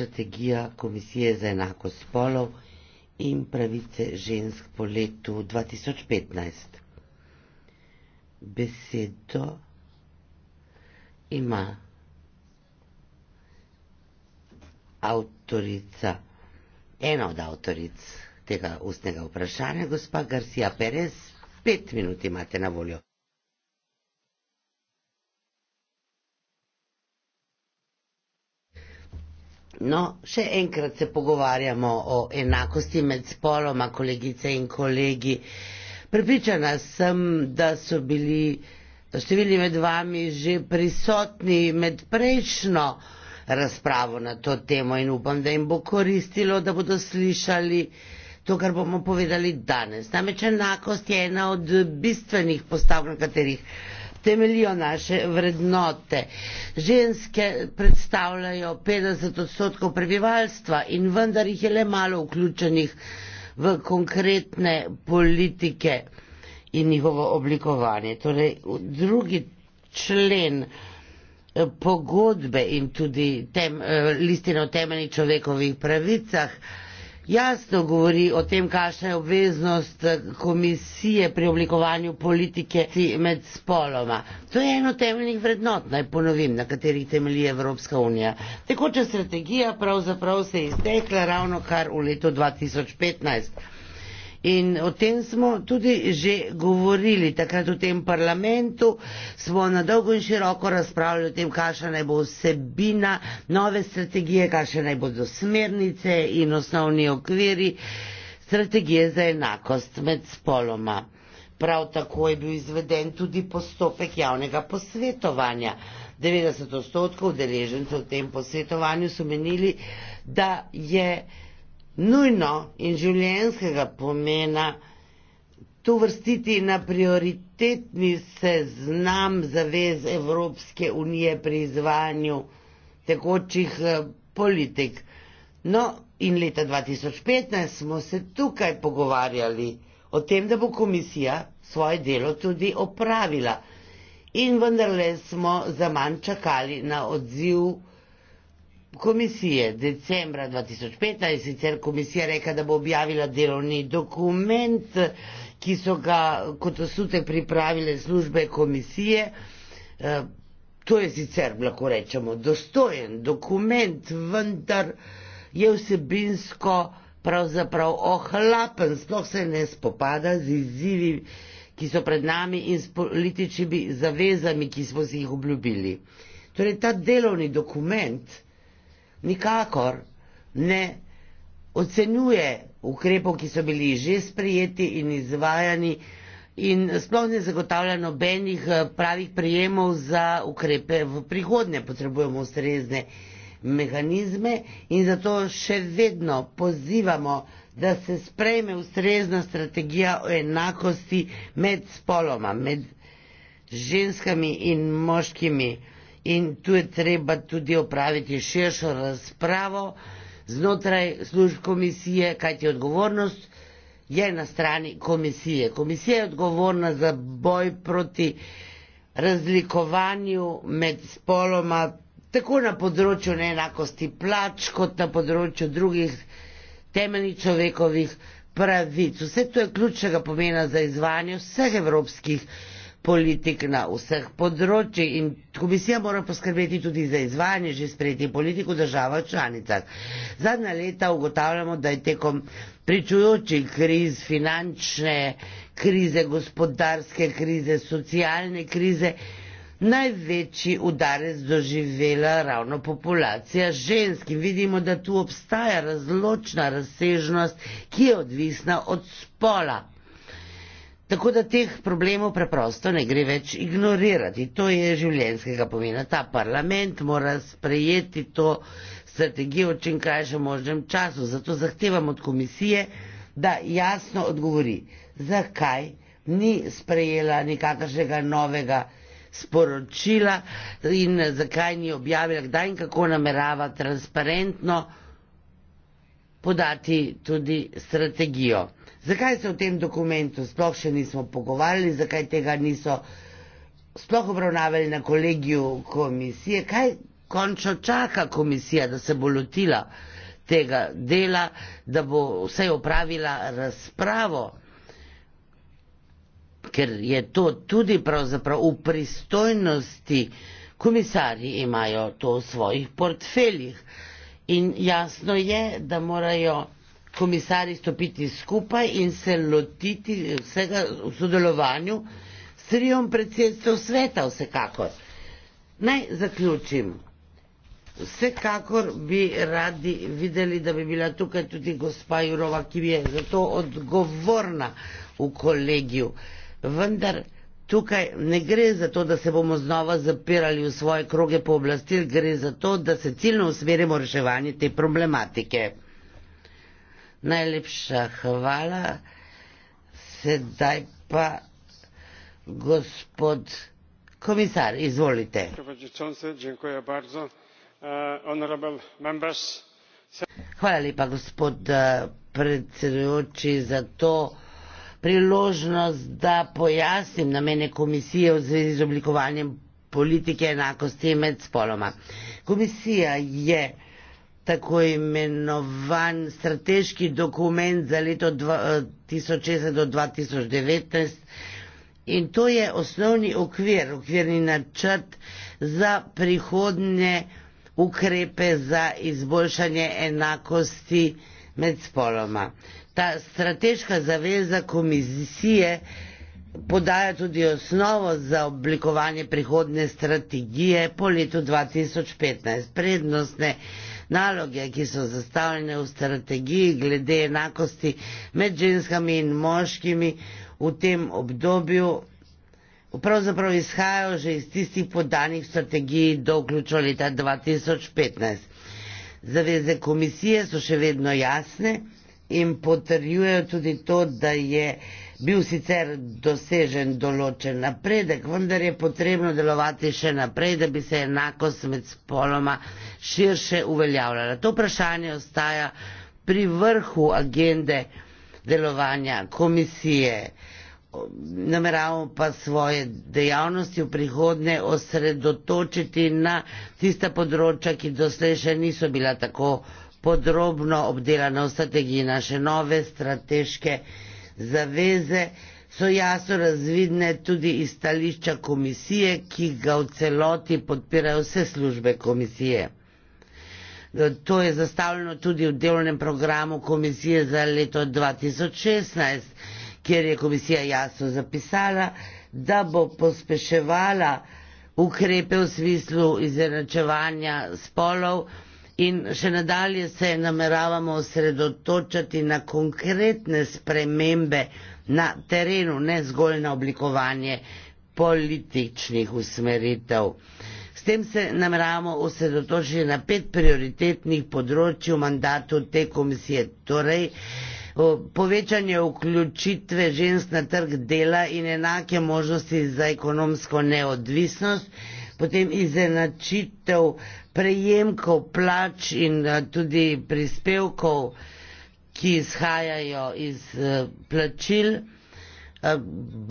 strategija Komisije za enakost spolov in pravice žensk po letu 2015. Besedo ima avtorica, ena od avtoric tega ustnega vprašanja, gospa Garcia Perez. Pet minut imate na voljo. No, še enkrat se pogovarjamo o enakosti med spoloma, kolegice in kolegi. Pripričana sem, da so bili številni med vami že prisotni med prejšnjo razpravo na to temo in upam, da jim bo koristilo, da bodo slišali to, kar bomo povedali danes. Namreč enakost je ena od bistvenih postavk, na katerih temeljijo naše vrednote. Ženske predstavljajo 50 odstotkov prebivalstva in vendar jih je le malo vključenih v konkretne politike in njihovo oblikovanje. Torej, drugi člen eh, pogodbe in tudi tem, eh, listine o temeljnih človekovih pravicah jasno govori o tem, kakšna je obveznost eh, komisije pri oblikovanju politike med spoloma. To je eno temeljnih vrednot, naj ponovim, na katerih temelji Evropska unija. Tekoča strategija pravzaprav se je iztekla ravno kar v letu 2015. In o tem smo tudi že govorili takrat v tem parlamentu, smo na dolgo in široko razpravljali o tem, kakšna naj bo vsebina nove strategije, kakšne naj bodo smernice in osnovni okviri strategije za enakost med spoloma. Prav tako je bil izveden tudi postopek javnega posvetovanja. 90 odstotkov deležencev v tem posvetovanju so menili, da je nujno in življenskega pomena to vrstiti na prioritetni seznam zavez Evropske unije pri izvajanju tekočih eh, politik. No, in leta 2015 smo se tukaj pogovarjali o tem, da bo komisija svoje delo tudi opravila. In vendarle smo zaman čakali na odziv komisije decembra 2015 je sicer komisija rekla, da bo objavila delovni dokument, ki so ga kot osutek pripravile službe komisije. Eh, to je sicer, lahko rečemo, dostojen dokument, vendar je vsebinsko pravzaprav ohlapen, sploh se ne spopada z izzivi, ki so pred nami in s političnimi zavezami, ki smo si jih obljubili. Torej ta delovni dokument, nikakor ne ocenjuje ukrepov, ki so bili že sprejeti in izvajani in sploh ne zagotavlja nobenih eh, pravih prijemov za ukrepe v prihodnje. Potrebujemo ustrezne mehanizme in zato še vedno pozivamo, da se sprejme ustrezna strategija o enakosti med spoloma, med ženskami in moškimi in tu je treba tudi opraviti širšo razpravo znotraj služb komisije, kajti odgovornost je na strani komisije. Komisija je odgovorna za boj proti razlikovanju med spoloma, tako na področju neenakosti plač, kot na področju drugih temeljnih človekovih pravic. Vse to je ključnega pomena za izvajanje vseh evropskih politik na vseh področjih in komisija mora poskrbeti tudi za izvajanje že sprejeti politik v državah članicah. Zadnja leta ugotavljamo, da je tekom pričujočih kriz, finančne krize, gospodarske krize, socialne krize, Največji udarec doživela ravno populacija žensk in vidimo, da tu obstaja razločna razsežnost, ki je odvisna od spola. Tako da teh problemov preprosto ne gre več ignorirati. To je življenjskega pomena. Ta parlament mora sprejeti to strategijo v čim krajšem možnem času. Zato zahtevam od komisije, da jasno odgovori, zakaj ni sprejela nikakršnega novega sporočila in zakaj ni objavila, kdaj in kako namerava transparentno podati tudi strategijo zakaj se o tem dokumentu sploh še nismo pogovarjali, zakaj tega niso sploh obravnavali na kolegiju komisije, kaj končno čaka komisija, da se bo lotila tega dela, da bo vse opravila razpravo, ker je to tudi pravzaprav v pristojnosti. Komisarji imajo to v svojih portfeljih in jasno je, da morajo komisari stopiti skupaj in se lotiti vsega v sodelovanju s trijom predsedstvom sveta vsekakor. Naj zaključim. Vsekakor bi radi videli, da bi bila tukaj tudi gospa Jurova, ki je zato odgovorna v kolegiju. Vendar tukaj ne gre za to, da se bomo znova zapirali v svoje kroge pooblastil, gre za to, da se ciljno usmerimo reševanje te problematike. Najlepša hvala. Sedaj pa gospod komisar, izvolite. E, hvala lepa, gospod e, predsedujoči, za to priložnost, da pojasnim namene komisije v zvezi z oblikovanjem politike enakosti med spoloma. Komisija je tako imenovan strateški dokument za leto 2016 eh, do 2019 in to je osnovni okvir, okvirni načrt za prihodne ukrepe za izboljšanje enakosti med spoloma. Ta strateška zaveza komisije podaja tudi osnovo za oblikovanje prihodne strategije po letu 2015. Prednostne naloge, ki so zastavljene v strategiji glede enakosti med ženskami in moškimi v tem obdobju, pravzaprav izhajajo že iz tistih podanih v strategiji do vključno leta 2015. Zaveze komisije so še vedno jasne in potrjujejo tudi to, da je bil sicer dosežen določen napredek, vendar je potrebno delovati še naprej, da bi se enakost med spoloma širše uveljavljala. To vprašanje ostaja pri vrhu agende delovanja komisije. Nameravamo pa svoje dejavnosti v prihodnje osredotočiti na tista področja, ki doslej še niso bila tako podrobno obdelana v strategiji naše nove strateške zaveze so jasno razvidne tudi iz stališča komisije, ki ga v celoti podpirajo vse službe komisije. To je zastavljeno tudi v delovnem programu komisije za leto 2016, kjer je komisija jasno zapisala, da bo pospeševala ukrepe v smislu izenačevanja spolov in še nadalje se nameravamo osredotočati na konkretne spremembe na terenu, ne zgolj na oblikovanje političnih usmeritev. S tem se nameravamo osredotočiti na pet prioritetnih področji v mandatu te komisije, torej povečanje vključitve žensk na trg dela in enake možnosti za ekonomsko neodvisnost, potem izenačitev prejemkov, plač in eh, tudi prispevkov, ki izhajajo iz eh, plačil, eh,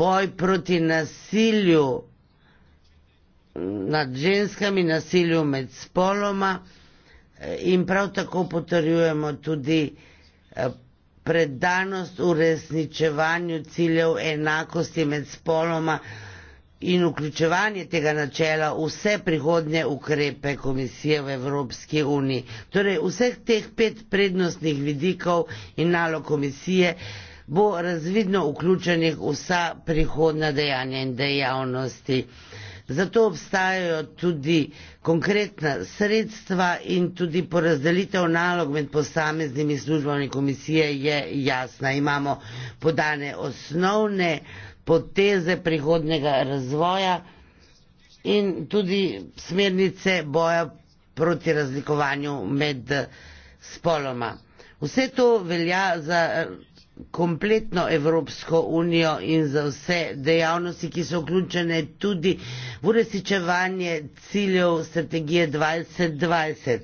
boj proti nasilju nad ženskami, nasilju med spoloma in prav tako potrjujemo tudi predanost uresničevanju ciljev enakosti med spoloma, in vključevanje tega načela vse prihodnje ukrepe komisije v Evropski uniji. Torej vseh teh pet prednostnih vidikov in nalog komisije bo razvidno vključenih vsa prihodna dejanja in dejavnosti. Zato obstajajo tudi konkretna sredstva in tudi porazdelitev nalog med posameznimi službami komisije je jasna. Imamo podane osnovne poteze prihodnega razvoja in tudi smernice boja proti razlikovanju med spoloma. Vse to velja za kompletno Evropsko unijo in za vse dejavnosti, ki so vključene tudi v uresničevanje ciljev strategije 2020.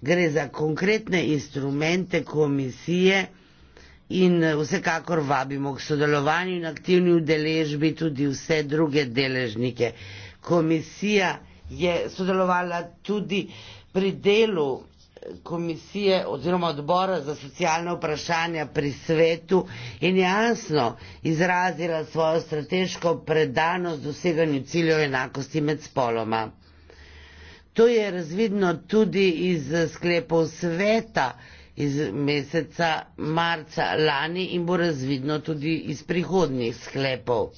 Gre za konkretne instrumente komisije, in eh, vsekakor vabimo k sodelovanju in aktivni udeležbi tudi vse druge deležnike. Komisija je sodelovala tudi pri delu eh, komisije oziroma odbora za socialne vprašanja pri svetu in jasno izrazila svojo strateško predanost doseganju ciljev enakosti med spoloma. To je razvidno tudi iz sklepov sveta, iz meseca marca lani in bo razvidno tudi iz prihodnjih sklepov.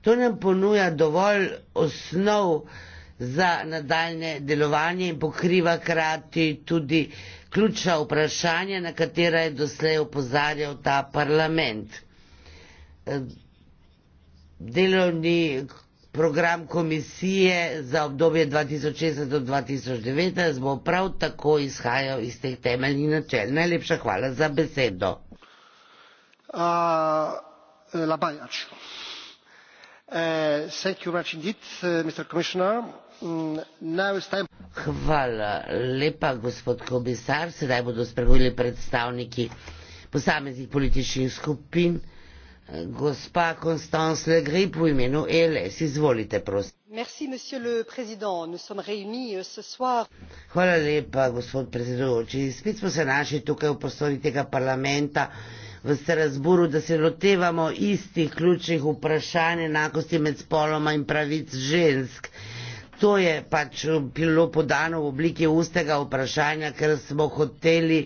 To nam ponuja dovolj osnov za nadaljne delovanje in pokriva krati tudi ključna vprašanja, na katera je doslej opozarjal ta parlament. Delovni Program komisije za obdobje 2016 do 2019 bo prav tako izhajal iz teh temeljnih načel. Najlepša hvala za besedo. Uh, uh, indeed, uh, mm, hvala lepa, gospod komisar. Sedaj bodo spregovili predstavniki posameznih političnih skupin. Gospa Constance Le Grip, v imenu ELS, izvolite, prosim. Merci, monsieur le président, nous sommes réunis euh, ce soir. Hvala lepa, gospod predsedujoči. Spet smo se našli tukaj v prostorih tega parlamenta v Strasburu, da se lotevamo istih ključnih vprašanj enakosti med spoloma in pravic žensk. To je pač bilo podano v obliki ustega vprašanja, ker smo hoteli.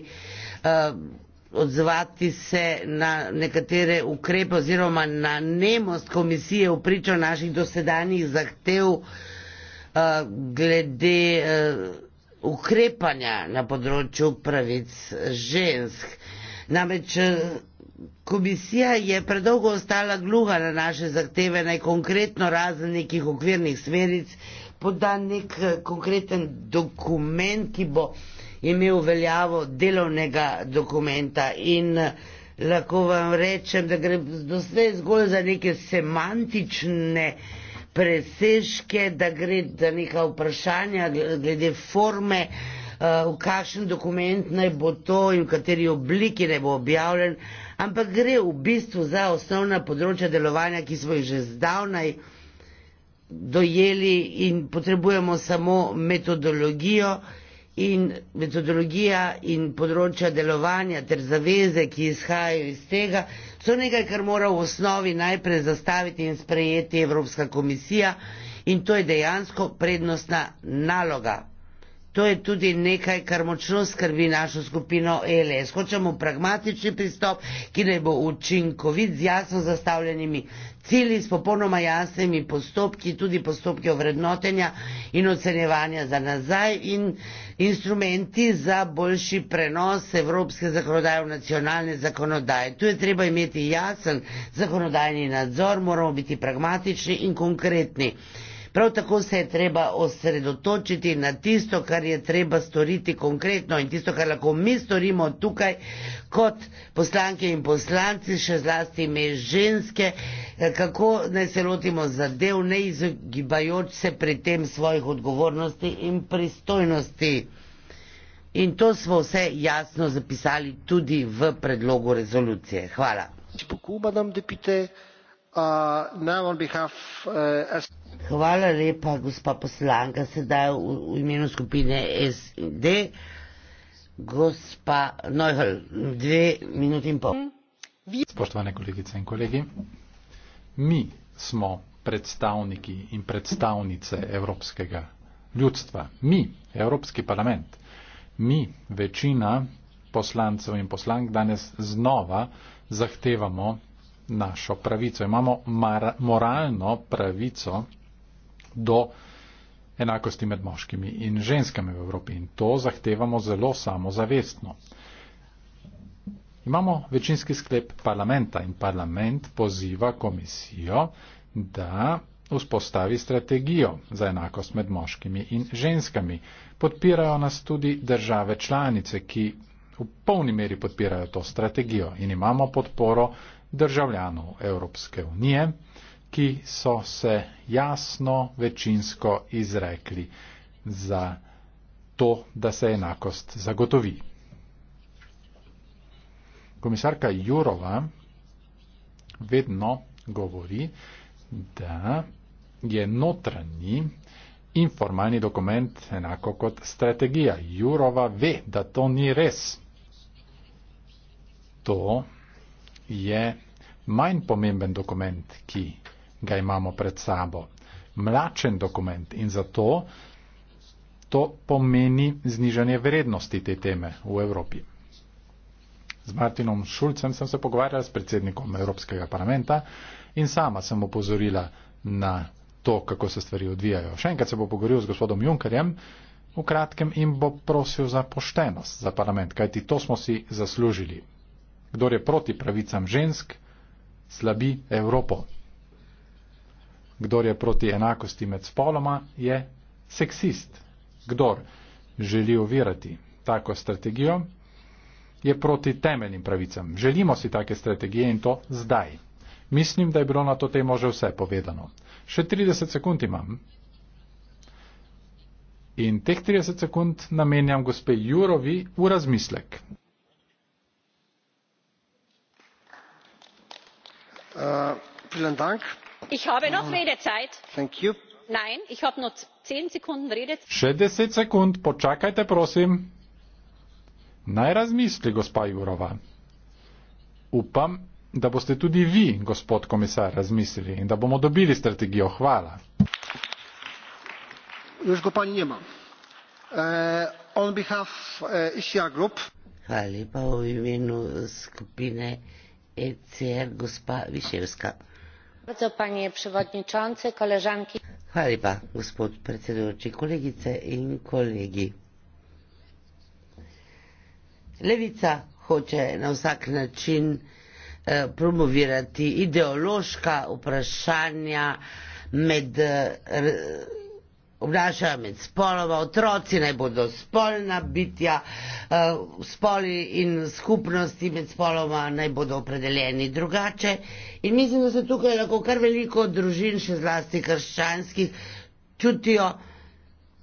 Uh, odzvati se na nekatere ukrepe oziroma na nemost komisije v pričo naših dosedanjih zahtev uh, glede uh, ukrepanja na področju pravic žensk. Namreč eh, komisija je predolgo ostala gluha na naše zahteve, naj konkretno razen nekih okvirnih smeric poda nek konkreten dokument, ki bo imel veljavo delovnega dokumenta in eh, lahko vam rečem, da gre doslej zgolj za neke semantične presežke, da gre za neka vprašanja glede forme, eh, v kakšen dokument naj bo to in v kateri obliki naj bo objavljen, ampak gre v bistvu za osnovna področja delovanja, ki smo jih že zdavnaj dojeli in potrebujemo samo metodologijo, in metodologija in področja delovanja ter zaveze, ki izhajajo iz tega, so nekaj, kar mora v osnovi najprej zastaviti in sprejeti Evropska komisija in to je dejansko prednostna naloga. To je tudi nekaj, kar močno skrbi našo skupino ELS. Hočemo pragmatični pristop, ki naj bo učinkovit z jasno zastavljenimi cilji, s popolnoma jasnimi postopki, tudi postopki ovrednotenja in ocenjevanja za nazaj in instrumenti za boljši prenos evropske zakonodaje v nacionalne zakonodaje. Tu je treba imeti jasen zakonodajni nadzor, moramo biti pragmatični in konkretni. Prav tako se je treba osredotočiti na tisto, kar je treba storiti konkretno in tisto, kar lahko mi storimo tukaj kot poslanke in poslanci, še zlasti me ženske, eh, kako naj se lotimo zadev, ne izogibajoč se pri tem svojih odgovornosti in pristojnosti. In to smo vse jasno zapisali tudi v predlogu rezolucije. Hvala. Spoku, madame, depite, uh, Hvala lepa, gospa poslanka, sedaj v, v imenu skupine SD. Gospa Neuhl, dve minuti in pol. Spoštovane kolegice in kolegi, mi smo predstavniki in predstavnice evropskega ljudstva. Mi, Evropski parlament, mi, večina poslancev in poslank, danes znova zahtevamo našo pravico. Imamo mar, moralno pravico do enakosti med moškimi in ženskami v Evropi. In to zahtevamo zelo samozavestno. Imamo večinski sklep parlamenta in parlament poziva komisijo, da vzpostavi strategijo za enakost med moškimi in ženskami. Podpirajo nas tudi države članice, ki v polni meri podpirajo to strategijo in imamo podporo državljanov Evropske unije ki so se jasno večinsko izrekli za to, da se enakost zagotovi. Komisarka Jurova vedno govori, da je notranji informalni dokument enako kot strategija. Jurova ve, da to ni res. To je manj pomemben dokument, ki ga imamo pred sabo. Mlačen dokument in zato to pomeni znižanje vrednosti te teme v Evropi. Z Martinom Šulcem sem se pogovarjala s predsednikom Evropskega parlamenta in sama sem opozorila na to, kako se stvari odvijajo. Še enkrat se bo pogovoril z gospodom Junkerjem v kratkem in bo prosil za poštenost za parlament, kajti to smo si zaslužili. Kdor je proti pravicam žensk, slabi Evropo. Kdor je proti enakosti med spoloma, je seksist. Kdor želi ovirati tako strategijo, je proti temeljnim pravicam. Želimo si take strategije in to zdaj. Mislim, da je bilo na to temo že vse povedano. Še 30 sekund imam. In teh 30 sekund namenjam gospe Jurovi v razmislek. Uh, ich habe noch ah. redezeit. Thank you. Nein, ich habe nur 10 Sekunden redezeit. 60 sekund, počakajte prosim. Naj razmisli gospa Jurova. Upam, da boste tudi vi, gospod komisar, razmislili in da bomo dobili strategijo. Hvala. Još go pani nema. Uh, eh, on behalf uh, eh, Isia Group. Hvala lepa v imenu skupine ECR gospa Viševska panie przewodniczący koleżanki hvala gospod predsjedujući kolegice i kolegi levica hoće na vsak način eh, promovirati ideološka vprašanja med eh, obnašajo med spolova, otroci naj bodo spolna bitja, uh, spoli in skupnosti med spolova naj bodo opredeljeni drugače. In mislim, da se tukaj lahko kar veliko družin, še zlasti krščanskih, čutijo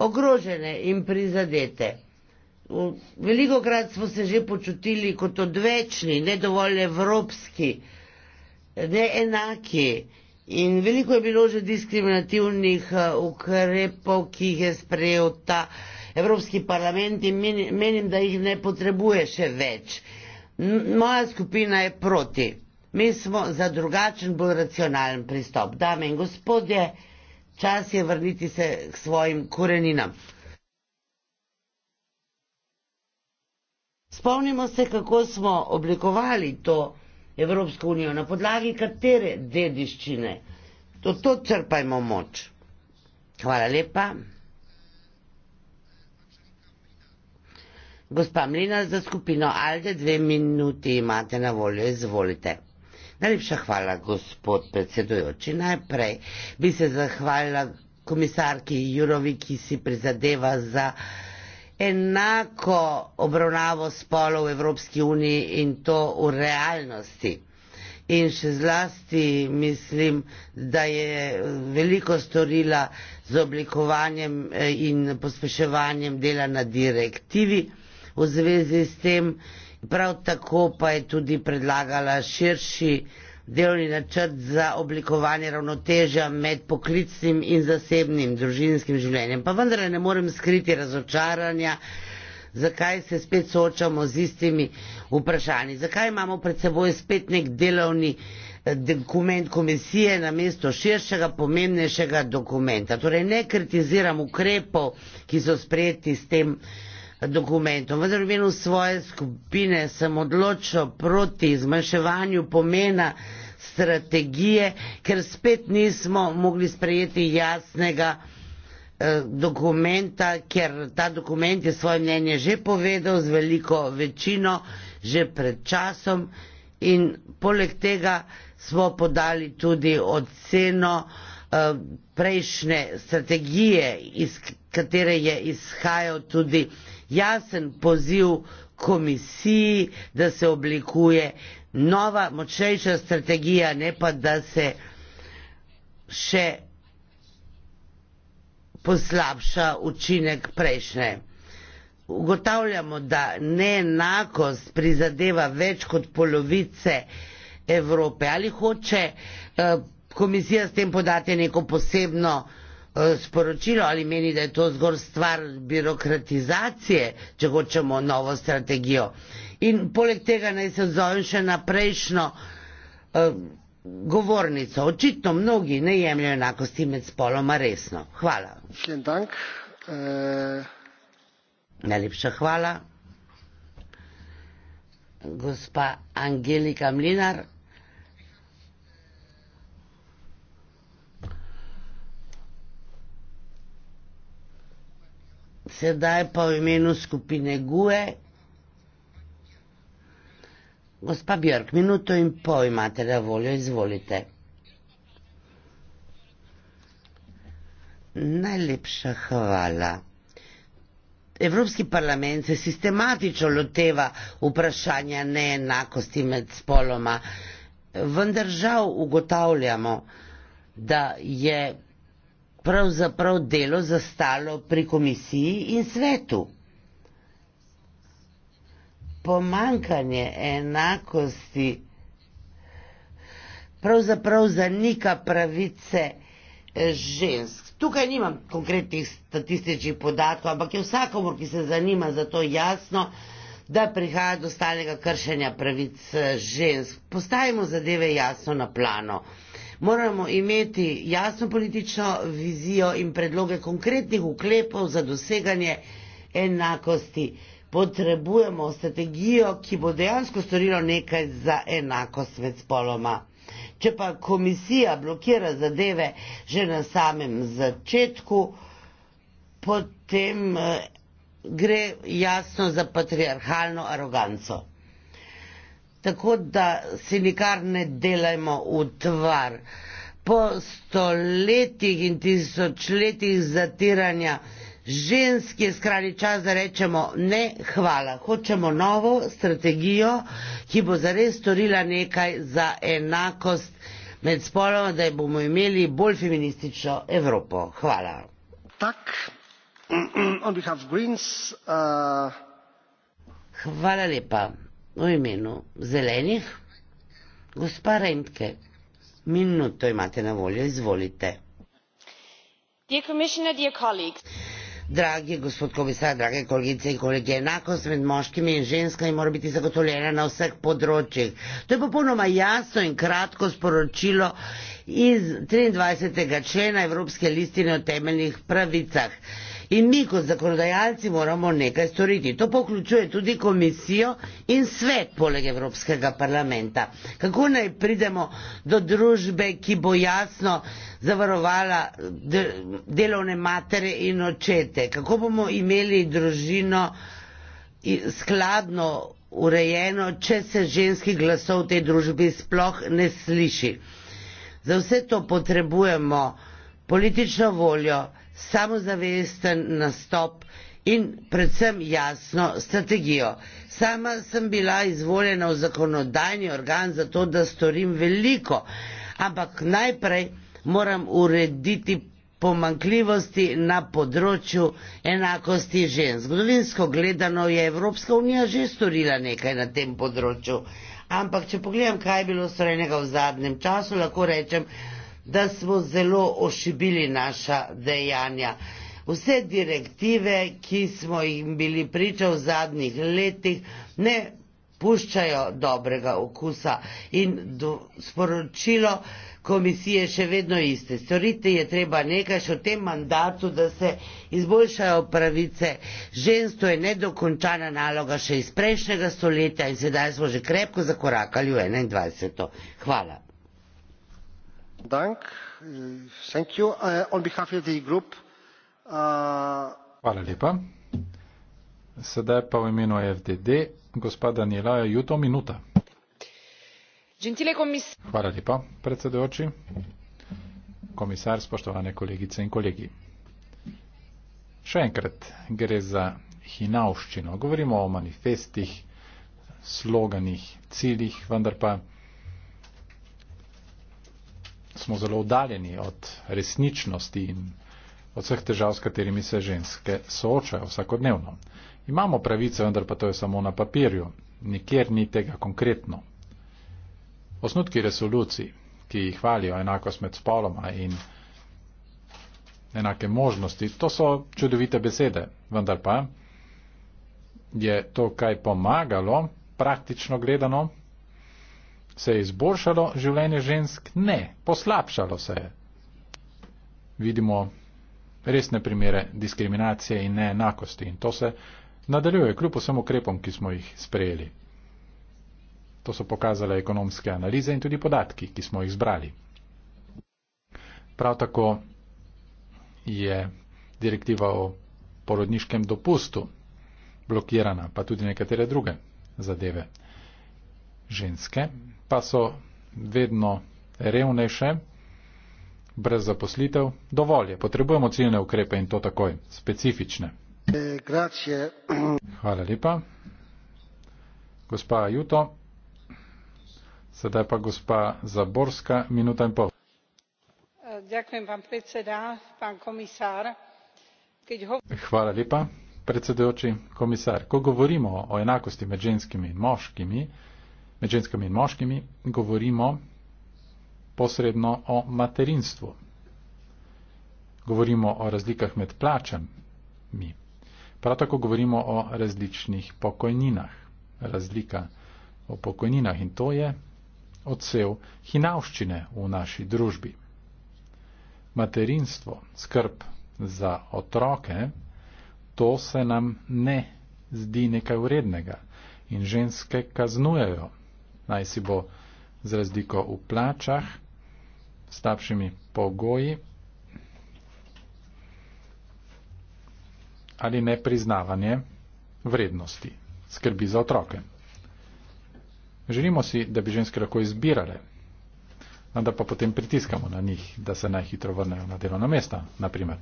ogrožene in prizadete. Veliko krat smo se že počutili kot odvečni, nedovolj evropski, neenaki In veliko je bilo že diskriminativnih eh, ukrepov, ki jih je sprejel ta Evropski parlament in menim, da jih ne potrebuje še več. Moja skupina je proti. Mi smo za drugačen, bolj racionalen pristop. Dame in gospodje, čas je vrniti se k svojim koreninam. Spomnimo se, kako smo oblikovali to Evropsko unijo, na podlagi katere dediščine. To, to črpajmo moč. Hvala lepa. Gospa Mlina za skupino Alde, dve minuti imate na voljo, izvolite. Najlepša hvala, gospod predsedujoči. Najprej bi se zahvalila komisarki Jurovi, ki si prizadeva za uh, enako obravnavo spolov v Evropski uniji in to v realnosti. In še zlasti mislim, da je veliko storila z oblikovanjem eh, in pospeševanjem dela na direktivi v zvezi s tem, prav tako pa je tudi predlagala širši delovni načrt za oblikovanje ravnotežja med poklicnim in zasebnim družinskim življenjem. Pa vendar ne morem skriti razočaranja, zakaj se spet soočamo z istimi vprašanji. Zakaj imamo pred seboj spet nek delovni eh, dokument komisije na mesto širšega, pomembnejšega dokumenta. Torej ne kritiziram ukrepov, ki so sprejeti s tem dokumentom, vendar v imenu svoje skupine sem odločil proti zmanjševanju pomena strategije, ker spet nismo mogli sprejeti jasnega eh, dokumenta, ker ta dokument je svoje mnenje že povedal z veliko večino, že pred časom in poleg tega smo podali tudi oceno eh, prejšnje strategije, iz katere je izhajal tudi jasen poziv komisiji, da se oblikuje nova, močnejša strategija, ne pa da se še poslabša učinek prejšnje. Ugotavljamo, da neenakost prizadeva več kot polovice Evrope. Ali hoče eh, komisija s tem podati neko posebno Eh, sporočilo ali meni, da je to zgolj stvar birokratizacije, če hočemo novo strategijo. In poleg tega naj se odzovem še na prejšnjo eh, govornico. Očitno mnogi ne jemljajo enakosti med spoloma resno. Hvala. Dank. E... Najlepša hvala. Gospa Angelika Mlinar. sedaj pa v imenu skupine GUE. Gospa Björk, minuto in pol imate na voljo, izvolite. Najlepša hvala. Evropski parlament se sistematično loteva vprašanja neenakosti med spoloma, vendar žal ugotavljamo, da je pravzaprav delo zastalo pri komisiji in svetu. Pomankanje enakosti pravzaprav zanika pravice eh, žensk. Tukaj nimam konkretnih statističnih podatkov, ampak je vsakomor, ki se zanima za to jasno, da prihaja do stalnega kršenja pravic eh, žensk. Postavimo zadeve jasno na plano moramo imeti jasno politično vizijo in predloge konkretnih uklepov za doseganje enakosti. Potrebujemo strategijo, ki bo dejansko storila nekaj za enakost med spoloma. Če pa komisija blokira zadeve že na samem začetku, potem eh, gre jasno za patriarhalno aroganco tako da si nikar ne delajmo v tvar. Po stoletjih in tisočletjih zatiranja ženski je skrajni čas, da rečemo ne, hvala. Hočemo novo strategijo, ki bo zares storila nekaj za enakost med spoloma, da bomo imeli bolj feministično Evropo. Hvala. Tak. Mm, mm, on behalf of Greens. Uh... Hvala lepa v imenu zelenih. Gospa Rendke, minuto imate na voljo, izvolite. Dragi gospod komisar, drage kolegice in kolege, enakost med moškimi in ženskami mora biti zagotovljena na vseh področjih. To je popolnoma jasno in kratko sporočilo iz 23. člena Evropske listine o temeljnih pravicah in mi kot zakonodajalci moramo nekaj storiti. To pa vključuje tudi komisijo in svet poleg Evropskega parlamenta. Kako naj pridemo do družbe, ki bo jasno zavarovala delovne matere in očete? Kako bomo imeli družino skladno urejeno, če se ženski glasov v tej družbi sploh ne sliši? Za vse to potrebujemo politično voljo, samozavesten nastop in predvsem jasno strategijo. Sama sem bila izvoljena v zakonodajni organ za to, da storim veliko, ampak najprej moram urediti pomankljivosti na področju enakosti žensk. Zgodovinsko gledano je Evropska unija že storila nekaj na tem področju, ampak če pogledam, kaj je bilo storjenega v zadnjem času, lahko rečem, da smo zelo ošibili naša dejanja. Vse direktive, ki smo jim bili priča v zadnjih letih, ne puščajo dobrega okusa in do sporočilo komisije še vedno iste. Storite je treba nekaj še v tem mandatu, da se izboljšajo pravice. Žensko je nedokončana naloga še iz prejšnjega stoletja in sedaj smo že krepko zakorakali v 21. Hvala. Uh, uh, hvala lepa sedaj pa v imenu fdd gospa daniela juto minuta hvala lepa predsedujoči komisar spoštovane kolegice in kolegi še enkrat gre za hinavščino govorimo o manifestih sloganih ciljih vendar pa smo zelo oddaljeni od resničnosti in od vseh težav, s katerimi se ženske soočajo vsakodnevno. Imamo pravice, vendar pa to je samo na papirju. Nikjer ni tega konkretno. Osnutki resolucij, ki jih hvalijo enakost med spoloma in enake možnosti, to so čudovite besede, vendar pa je to, kaj pomagalo, praktično gledano, Se je izboljšalo življenje žensk? Ne, poslabšalo se je. Vidimo resne primere diskriminacije in neenakosti in to se nadaljuje kljub vsem ukrepom, ki smo jih sprejeli. To so pokazale ekonomske analize in tudi podatki, ki smo jih zbrali. Prav tako je direktiva o porodniškem dopustu blokirana, pa tudi nekatere druge zadeve ženske pa so vedno revnejše, brez zaposlitev, dovolj je. Potrebujemo ciljne ukrepe in to takoj, specifične. E, Hvala lepa. Gospa Juto, sedaj pa gospa Zaborska, minuta in pol. Ďakujem, pán predseda, pán komisár. Keď ho... Hvala lepa, predsedujoči komisár. Ko govorimo o enakosti med ženskimi in moškimi, med ženskami in moškimi, govorimo posredno o materinstvu. Govorimo o razlikah med plačami. Prav tako govorimo o različnih pokojninah. Razlika o pokojninah in to je odsev hinavščine v naši družbi. Materinstvo, skrb za otroke, to se nam ne zdi nekaj urednega. In ženske kaznujejo naj si bo z razliko v plačah, s slabšimi pogoji ali nepriznavanje vrednosti, skrbi za otroke. Želimo si, da bi ženske lahko izbirale, da pa potem pritiskamo na njih, da se najhitro vrnejo na delovna mesta, naprimer.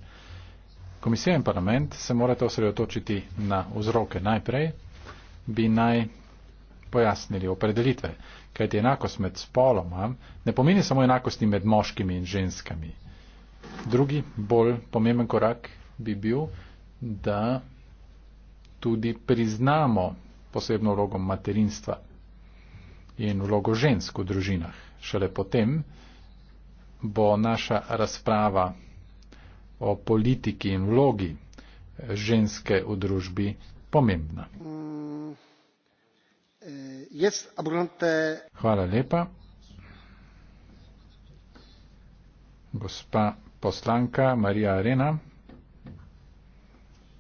Komisija in parlament se morate osredotočiti na vzroke najprej, bi naj pojasnili opredelitve, kajti enakost med spoloma ne pomeni samo enakosti med moškimi in ženskami. Drugi bolj pomemben korak bi bil, da tudi priznamo posebno vlogo materinstva in vlogo žensk v družinah. Šele potem bo naša razprava o politiki in vlogi ženske v družbi pomembna. Mm. E, Hvala lepa. Gospa poslanka Marija Arena,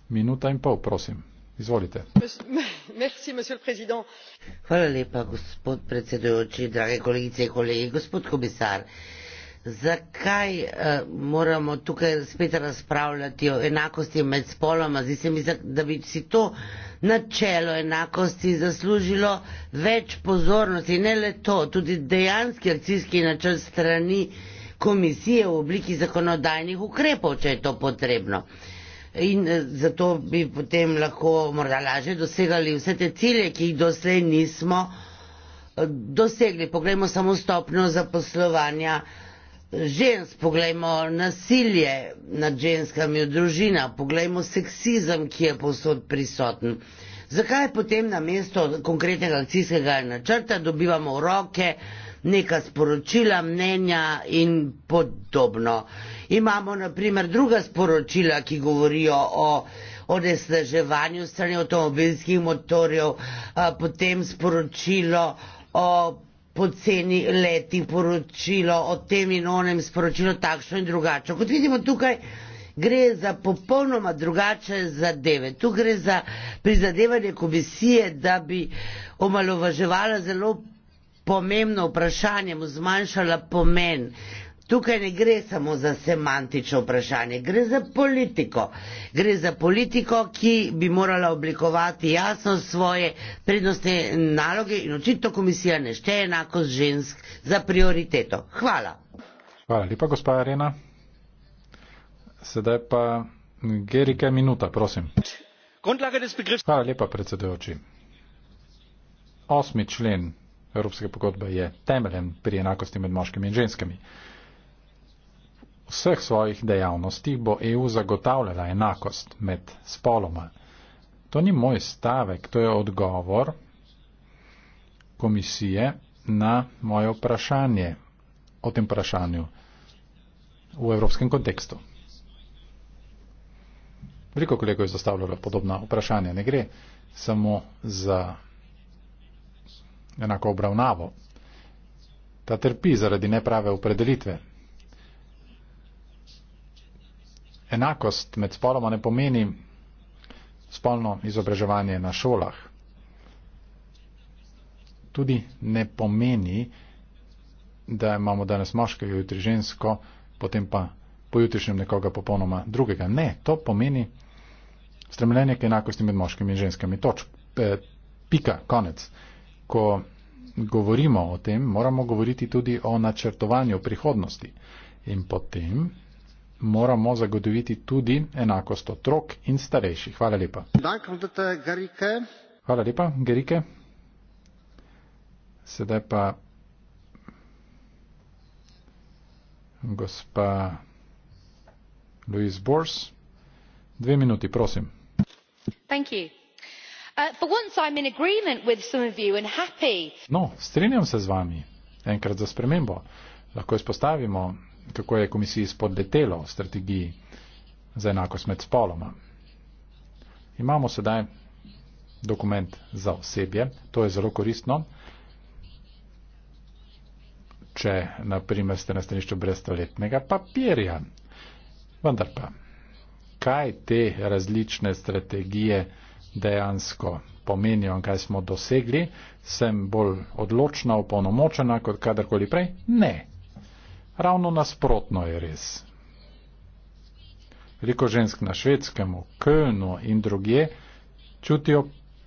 minuta in pol, prosim. Izvolite. Hvala lepa, gospod predsedujoči, drage kolegice in kolegi, gospod komisar zakaj uh, moramo tukaj spet razpravljati o enakosti med spoloma. Zdi se mi, da bi si to načelo enakosti zaslužilo več pozornosti. Ne le to, tudi dejanski akcijski načrt strani komisije v obliki zakonodajnih ukrepov, če je to potrebno. In eh, zato bi potem lahko morda lažje dosegali vse te cilje, ki jih doslej nismo eh, dosegli. Poglejmo samo stopno zaposlovanja uh, žensk, poglejmo nasilje nad ženskami v družina, poglejmo seksizem, ki je posod prisoten. Zakaj potem na mesto konkretnega akcijskega načrta dobivamo v roke neka sporočila, mnenja in podobno. Imamo naprimer druga sporočila, ki govorijo o onesnaževanju strani avtomobilskih motorjev, potem sporočilo o poceni leti, poročilo o tem in onem, sporočilo takšno in drugačno. Kot vidimo tukaj, gre za popolnoma drugače zadeve. Tu gre za prizadevanje komisije, da bi omalovaževala zelo pomembno vprašanje, mu zmanjšala pomen. Tukaj ne gre samo za semantično vprašanje, gre za politiko. Gre za politiko, ki bi morala oblikovati jasno svoje prednostne naloge in očitno komisija ne šteje enakost žensk za prioriteto. Hvala. Hvala lepa, gospa Arena. Sedaj pa Gerike minuta, prosim. Hvala lepa, predsedujoči. Osmi člen Evropske pogodbe je temeljen pri enakosti med moškimi in ženskami. V vseh svojih dejavnostih bo EU zagotavljala enakost med spoloma. To ni moj stavek, to je odgovor komisije na moje vprašanje o tem vprašanju v evropskem kontekstu. Veliko kolegov je zastavljalo podobna vprašanja. Ne gre samo za enako obravnavo. Ta trpi zaradi neprave opredelitve. enakost med spoloma ne pomeni spolno izobraževanje na šolah. Tudi ne pomeni, da imamo danes moškega, jutri žensko, potem pa pojutrišnjem nekoga popolnoma drugega. Ne, to pomeni stremljenje k enakosti med moškimi in ženskami. Toč, eh, pika, konec. Ko govorimo o tem, moramo govoriti tudi o načrtovanju prihodnosti. In potem moramo zagotoviti tudi enakost otrok in starejših. Hvala lepa. Hvala lepa, Gerike. Sedaj pa gospa Louise Bors. Dve minuti, prosim. Thank you. Uh, for once I'm in agreement with some of you and happy. No, strinjam se z vami. Enkrat za spremembo. Lahko izpostavimo kako je komisiji spodletelo v strategiji za enakost med spoloma. Imamo sedaj dokument za osebje, to je zelo koristno. Če, na primer, ste na stanišču brezstoletnega papirja. Vendar pa, kaj te različne strategije dejansko pomenijo in kaj smo dosegli, sem bolj odločna, opolnomočena kot kadarkoli prej? Ne. Ravno nasprotno je res. Veliko žensk na švedskem, v Kölnu in drugje čutijo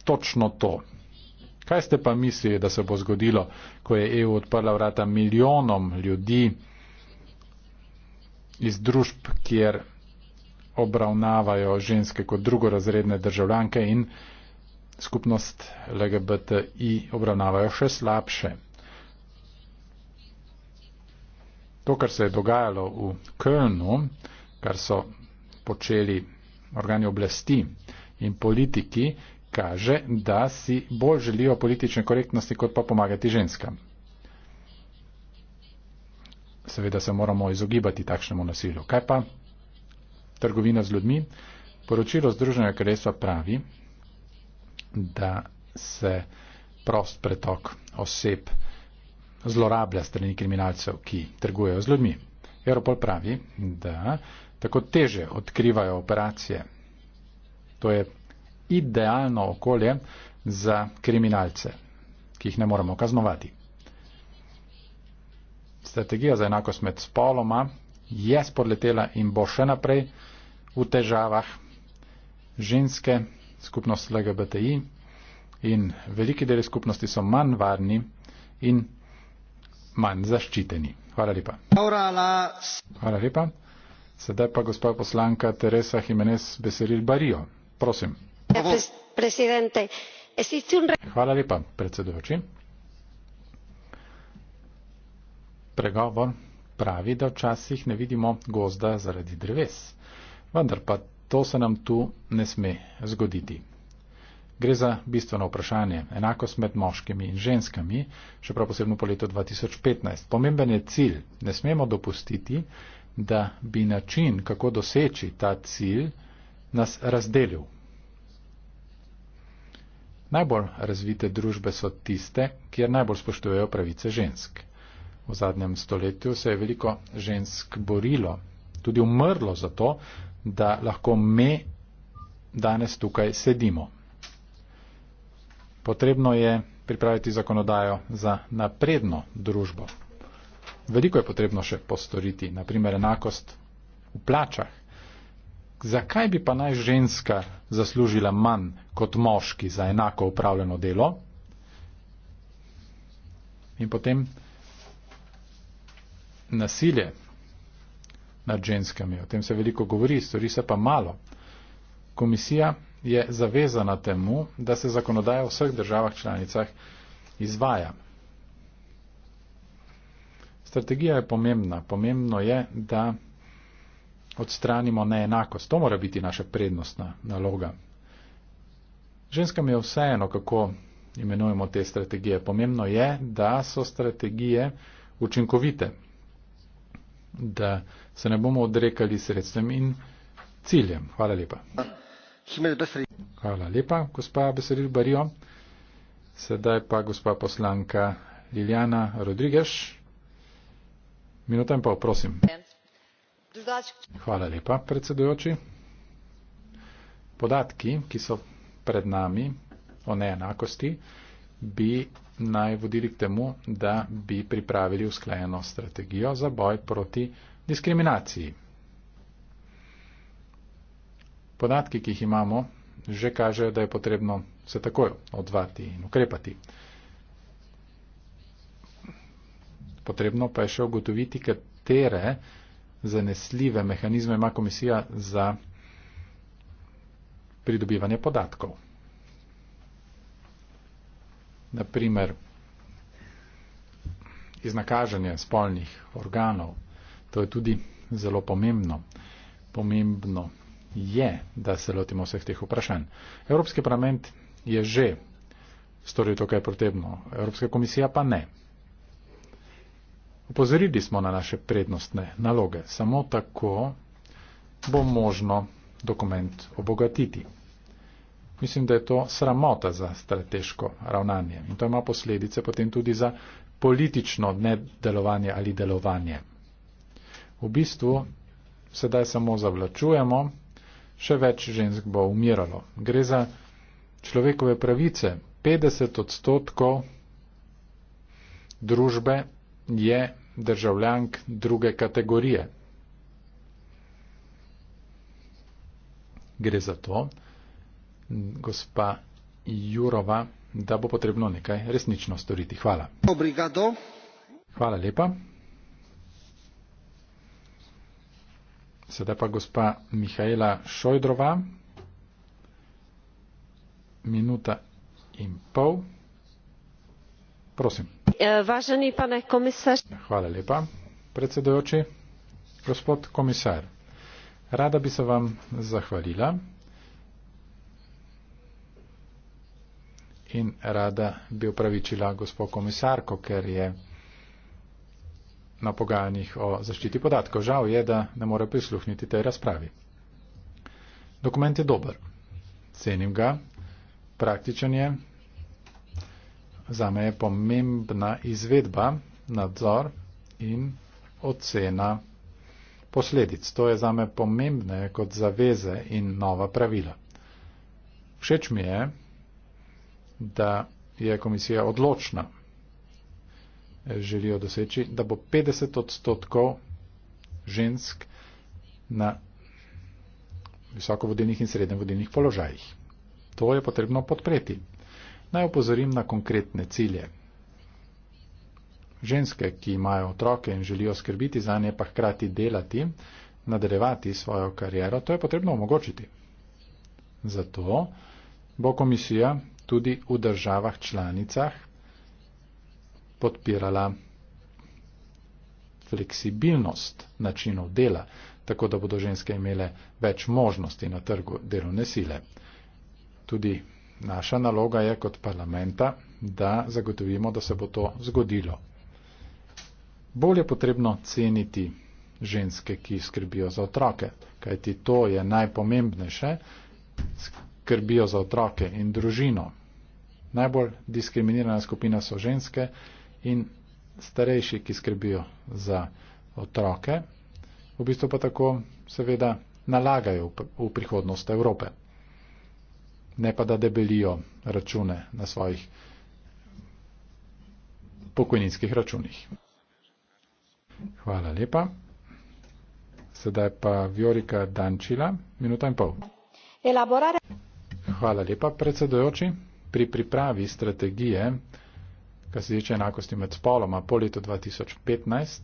točno to. Kaj ste pa mislili, da se bo zgodilo, ko je EU odprla vrata milijonom ljudi iz družb, kjer obravnavajo ženske kot drugorazredne državljanke in skupnost LGBTI obravnavajo še slabše? to, kar se je dogajalo v Kölnu, kar so počeli organi oblasti in politiki, kaže, da si bolj želijo politične korektnosti, kot pa pomagati ženskam. Seveda se moramo izogibati takšnemu nasilju. Kaj pa trgovina z ljudmi? Poročilo Združenja kresa pravi, da se prost pretok oseb zlorablja strani kriminalcev, ki trgujejo z ljudmi. Europol pravi, da tako teže odkrivajo operacije. To je idealno okolje za kriminalce, ki jih ne moramo kaznovati. Strategija za enakost med spoloma je spodletela in bo še naprej v težavah ženske, skupnost LGBTI in veliki deli skupnosti so manj varni in manj zaščiteni. Hvala lepa. Hvala lepa. Sedaj pa gospa poslanka Teresa Jimenez Beseril Barijo. Prosim. Hvala lepa, predsedujoči. Pregovor pravi, da včasih ne vidimo gozda zaradi dreves. Vendar pa to se nam tu ne sme zgoditi. Gre za bistveno vprašanje. Enakost med moškimi in ženskami, še prav posebno po letu 2015. Pomemben je cilj. Ne smemo dopustiti, da bi način, kako doseči ta cilj, nas razdelil. Najbolj razvite družbe so tiste, kjer najbolj spoštujejo pravice žensk. V zadnjem stoletju se je veliko žensk borilo, tudi umrlo za to, da lahko me danes tukaj sedimo. Potrebno je pripraviti zakonodajo za napredno družbo. Veliko je potrebno še postoriti, naprimer enakost v plačah. Zakaj bi pa naj ženska zaslužila manj kot moški za enako upravljeno delo? In potem nasilje nad ženskami. O tem se veliko govori, stori se pa malo. Komisija je zavezana temu, da se zakonodaja v vseh državah članicah izvaja. Strategija je pomembna. Pomembno je, da odstranimo neenakost. To mora biti naša prednostna naloga. Ženskam je vseeno, kako imenujemo te strategije. Pomembno je, da so strategije učinkovite, da se ne bomo odrekali sredstvem in ciljem. Hvala lepa. Hvala lepa, gospa Besaril Barijo. Sedaj pa gospa poslanka Liljana Rodrigeš. Minuta in pol, prosim. Hvala lepa, predsedujoči. Podatki, ki so pred nami o neenakosti, bi naj vodili k temu, da bi pripravili usklajeno strategijo za boj proti diskriminaciji. Podatki, ki jih imamo, že kažejo, da je potrebno se takoj odvati in ukrepati. Potrebno pa je še ugotoviti, katere zanesljive mehanizme ima komisija za pridobivanje podatkov. Naprimer, iznakaženje spolnih organov. To je tudi zelo pomembno. Pomembno je, da se lotimo vseh teh vprašanj. Evropski parlament je že storil to, kar je potrebno, Evropska komisija pa ne. Opozorili smo na naše prednostne naloge. Samo tako bo možno dokument obogatiti. Mislim, da je to sramota za strateško ravnanje in to ima posledice potem tudi za politično nedelovanje ali delovanje. V bistvu sedaj samo zavlačujemo še več žensk bo umiralo. Gre za človekove pravice. 50 odstotkov družbe je državljank druge kategorije. Gre za to, gospa Jurova, da bo potrebno nekaj resnično storiti. Hvala. Obrigado. Hvala lepa. Sedaj pa gospa Mihajla Šojdrova, minuta in pol. Prosim. E, Važeni pane komisar. Ja, hvala lepa, predsedojoči. Gospod komisar, rada bi se vam zahvalila in rada bi upravičila gospod komisarko, ker je na pogajanjih o zaščiti podatkov. Žal je, da ne more prisluhniti tej razpravi. Dokument je dober. Cenim ga. Praktičen je. Za me je pomembna izvedba, nadzor in ocena posledic. To je za me pomembne kot zaveze in nova pravila. Všeč mi je, da je komisija odločna želijo doseči, da bo 50 odstotkov žensk na visoko vodilnih in srednjih vodilnih položajih. To je potrebno podpreti. Naj opozorim na konkretne cilje. Ženske, ki imajo otroke in želijo skrbiti za nje, pa hkrati delati, nadaljevati svojo kariero, to je potrebno omogočiti. Zato bo komisija tudi v državah članicah podpirala fleksibilnost načinov dela, tako da bodo ženske imele več možnosti na trgu delovne sile. Tudi naša naloga je kot parlamenta, da zagotovimo, da se bo to zgodilo. Bolje je potrebno ceniti ženske, ki skrbijo za otroke, kajti to je najpomembnejše, skrbijo za otroke in družino. Najbolj diskriminirana skupina so ženske, in starejši, ki skrbijo za otroke, v bistvu pa tako seveda nalagajo v prihodnost Evrope. Ne pa, da debelijo račune na svojih pokojninskih računih. Hvala lepa. Sedaj pa Viorika Dančila, minuta in pol. Elaborare. Hvala lepa, predsedojoči. Pri pripravi strategije kar se tiče enakosti med spoloma po letu 2015,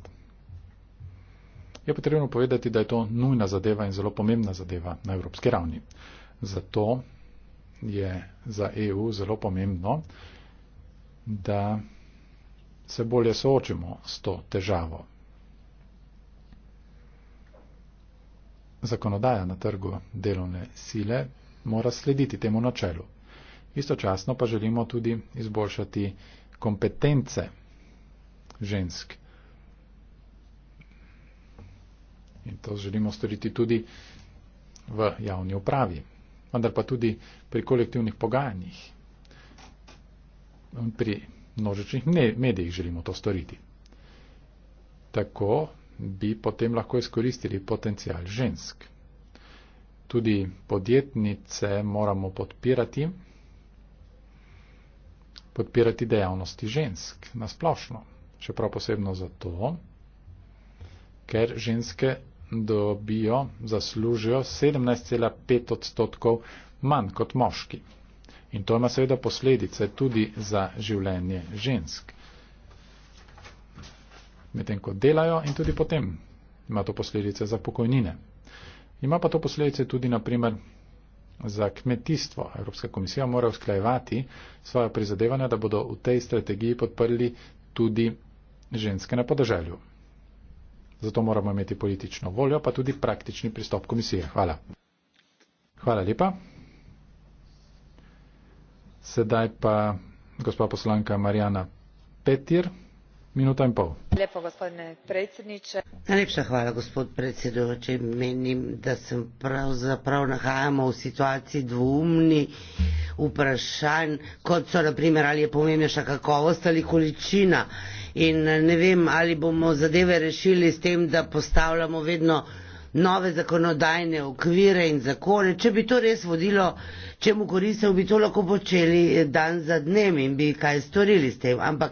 je potrebno povedati, da je to nujna zadeva in zelo pomembna zadeva na evropski ravni. Zato je za EU zelo pomembno, da se bolje soočimo s to težavo. Zakonodaja na trgu delovne sile mora slediti temu načelu. Istočasno pa želimo tudi izboljšati kompetence žensk. In to želimo storiti tudi v javni upravi, vendar pa tudi pri kolektivnih pogajanjih. Pri množičnih medijih želimo to storiti. Tako bi potem lahko izkoristili potencial žensk. Tudi podjetnice moramo podpirati podpirati dejavnosti žensk nasplošno. Čeprav posebno zato, ker ženske dobijo, zaslužijo 17,5 odstotkov manj kot moški. In to ima seveda posledice tudi za življenje žensk. Medtem ko delajo in tudi potem ima to posledice za pokojnine. Ima pa to posledice tudi, naprimer, za kmetijstvo. Evropska komisija mora usklajevati svoje prizadevanja, da bodo v tej strategiji podprli tudi ženske na podeželju. Zato moramo imeti politično voljo, pa tudi praktični pristop komisije. Hvala. Hvala lepa. Sedaj pa gospod poslanka Marjana Petir najlepša hvala gospod predsedujoči menim da se pravzaprav nahajamo v situaciji dvoumnih vprašanj kot so na primer ali je pomembnejša kakovost ali količina in eh, ne vem ali bomo zadeve rešili s tem da postavljamo vedno nove zakonodajne okvire in zakone. Če bi to res vodilo, če mu koristil, bi to lahko počeli eh, dan za dnem in bi kaj storili s tem. Ampak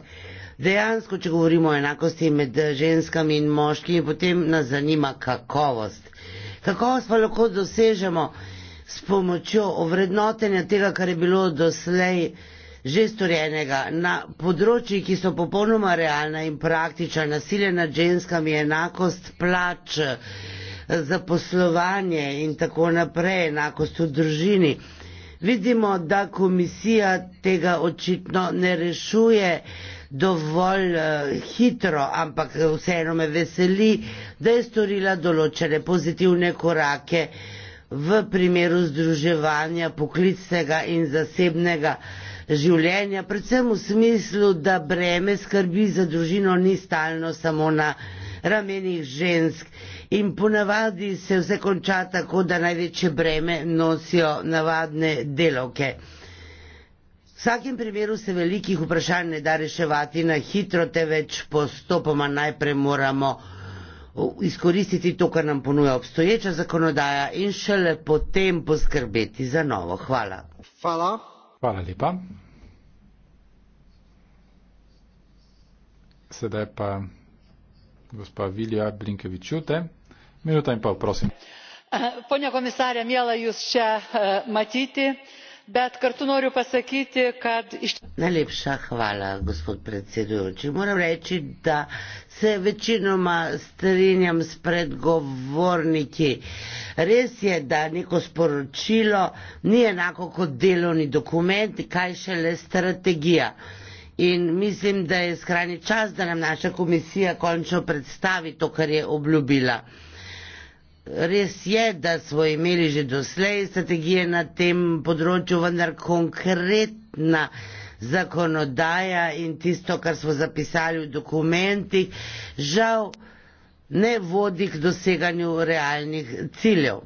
Dejansko, če govorimo o enakosti med eh, ženskami in moškimi, potem nas zanima kakovost. Kakovost pa lahko dosežemo s pomočjo ovrednotenja tega, kar je bilo doslej že storjenega na področji, ki so popolnoma realna in praktična. Nasilje nad ženskami je enakost plač, zaposlovanje in tako naprej, enakost v družini. Vidimo, da komisija tega očitno ne rešuje dovolj eh, hitro, ampak vseeno me veseli, da je storila določene pozitivne korake v primeru združevanja poklicnega in zasebnega življenja, predvsem v smislu, da breme skrbi za družino ni stalno samo na ramenih žensk in ponavadi se vse konča tako, da največje breme nosijo navadne delovke. Vsakem primeru se velikih vprašanj ne da reševati na hitro, teveč postopoma najprej moramo uh, izkoristiti to, kar nam ponuja obstoječa zakonodaja in šele potem poskrbeti za novo. Hvala. Hvala. Hvala lepa. Sedaj pa gospa Vilja Brinkevičute. Minuta in pol, prosim. Eh, Ponja komisarja, mjela jaz še matiti bet kartu noriu pasakyti kad iš Najlepša hvala, gospod predsedujoči. Moram reči, da se večinoma strinjam s predgovorniki. Res je, da neko sporočilo ni enako kot delovni dokument, kaj šele strategija. In mislim, da je skrajni čas, da nam naša komisija končno predstavi to, kar je obljubila. Res je, da smo imeli že doslej strategije na tem področju, vendar konkretna zakonodaja in tisto, kar smo zapisali v dokumentih, žal ne vodi k doseganju realnih ciljev.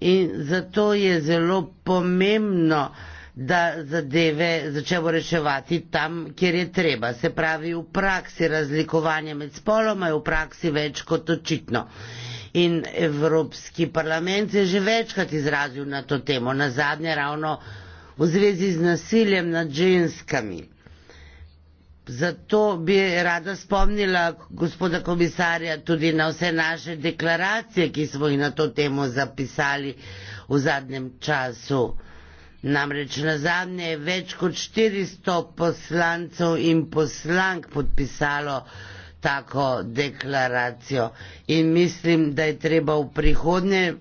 In zato je zelo pomembno, da zadeve začnemo reševati tam, kjer je treba. Se pravi, v praksi razlikovanje med spoloma je v praksi več kot očitno in Evropski parlament je že večkrat izrazil na to temo, na zadnje ravno v zvezi z nasiljem nad ženskami. Zato bi rada spomnila gospoda komisarja tudi na vse naše deklaracije, ki smo jih na to temo zapisali v zadnjem času. Namreč na zadnje je več kot 400 poslancev in poslank podpisalo tako deklaracijo in mislim, da je treba v prihodnje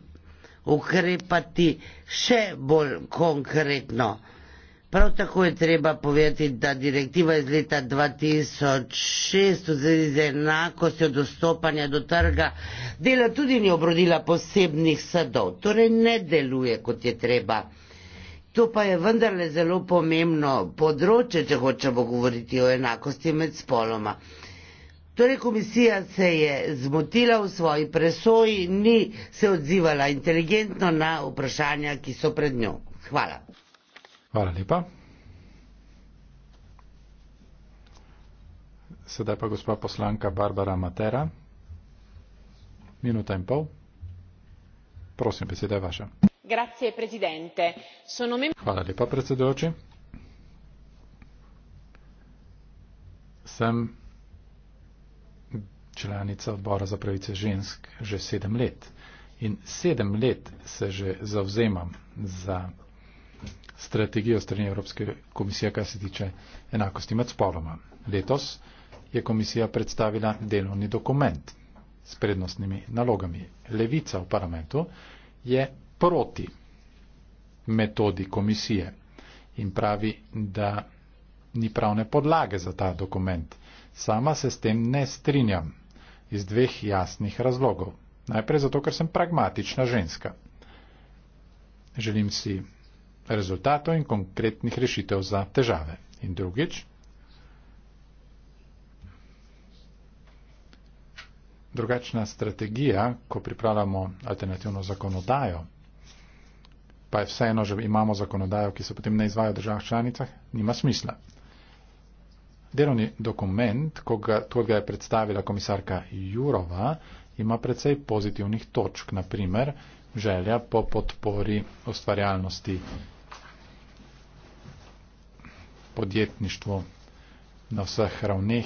ukrepati še bolj konkretno. Prav tako je treba povedati, da direktiva iz leta 2006 v zvezi z enakostjo dostopanja do trga dela tudi ni obrodila posebnih sadov, torej ne deluje kot je treba. To pa je vendarle zelo pomembno področje, če hočemo govoriti o enakosti med spoloma. Torej komisija se je zmotila v svoji presoji, ni se odzivala inteligentno na vprašanja, ki so pred njo. Hvala. Hvala lepa. Sedaj pa gospa poslanka Barbara Matera. Minuta in pol. Prosim, beseda je vaša. Hvala lepa, predsedujoči. Sem članica odbora za pravice žensk že sedem let. In sedem let se že zauzemam za strategijo strani Evropske komisije, kar se tiče enakosti med spoloma. Letos je komisija predstavila delovni dokument s prednostnimi nalogami. Levica v parlamentu je proti metodi komisije in pravi, da ni pravne podlage za ta dokument. Sama se s tem ne strinjam iz dveh jasnih razlogov. Najprej zato, ker sem pragmatična ženska. Želim si rezultatov in konkretnih rešitev za težave. In drugič, drugačna strategija, ko pripravljamo alternativno zakonodajo, pa je vseeno, že imamo zakonodajo, ki se potem ne izvaja v državah članicah, nima smisla. Delovni dokument, kot ga je predstavila komisarka Jurova, ima precej pozitivnih točk, naprimer želja po podpori ustvarjalnosti podjetništvu na vseh ravneh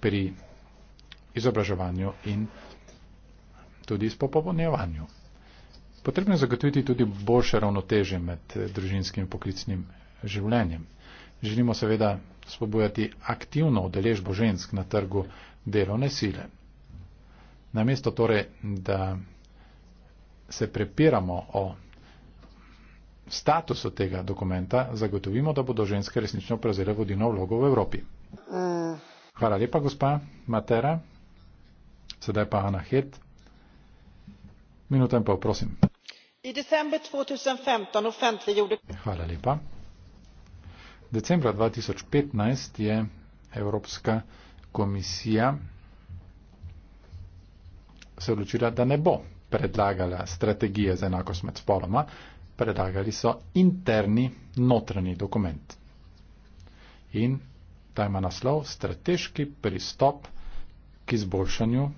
pri izobraževanju in tudi izpopolnjevanju. Potrebno je zagotoviti tudi boljše ravnoteže med družinskim in poklicnim življenjem. Želimo seveda spobojati aktivno udeležbo žensk na trgu delovne sile. Namesto torej, da se prepiramo o statusu tega dokumenta, zagotovimo, da bodo ženske resnično prevzele vodilno vlogo v Evropi. Hvala lepa, gospa Matera. Sedaj pa Ana Het. Minuta in pol, prosim. Hvala lepa. Decembra 2015 je Evropska komisija se odločila, da ne bo predlagala strategije za enakost med spoloma, predlagali so interni notranji dokument. In ta ima naslov strateški pristop k izboljšanju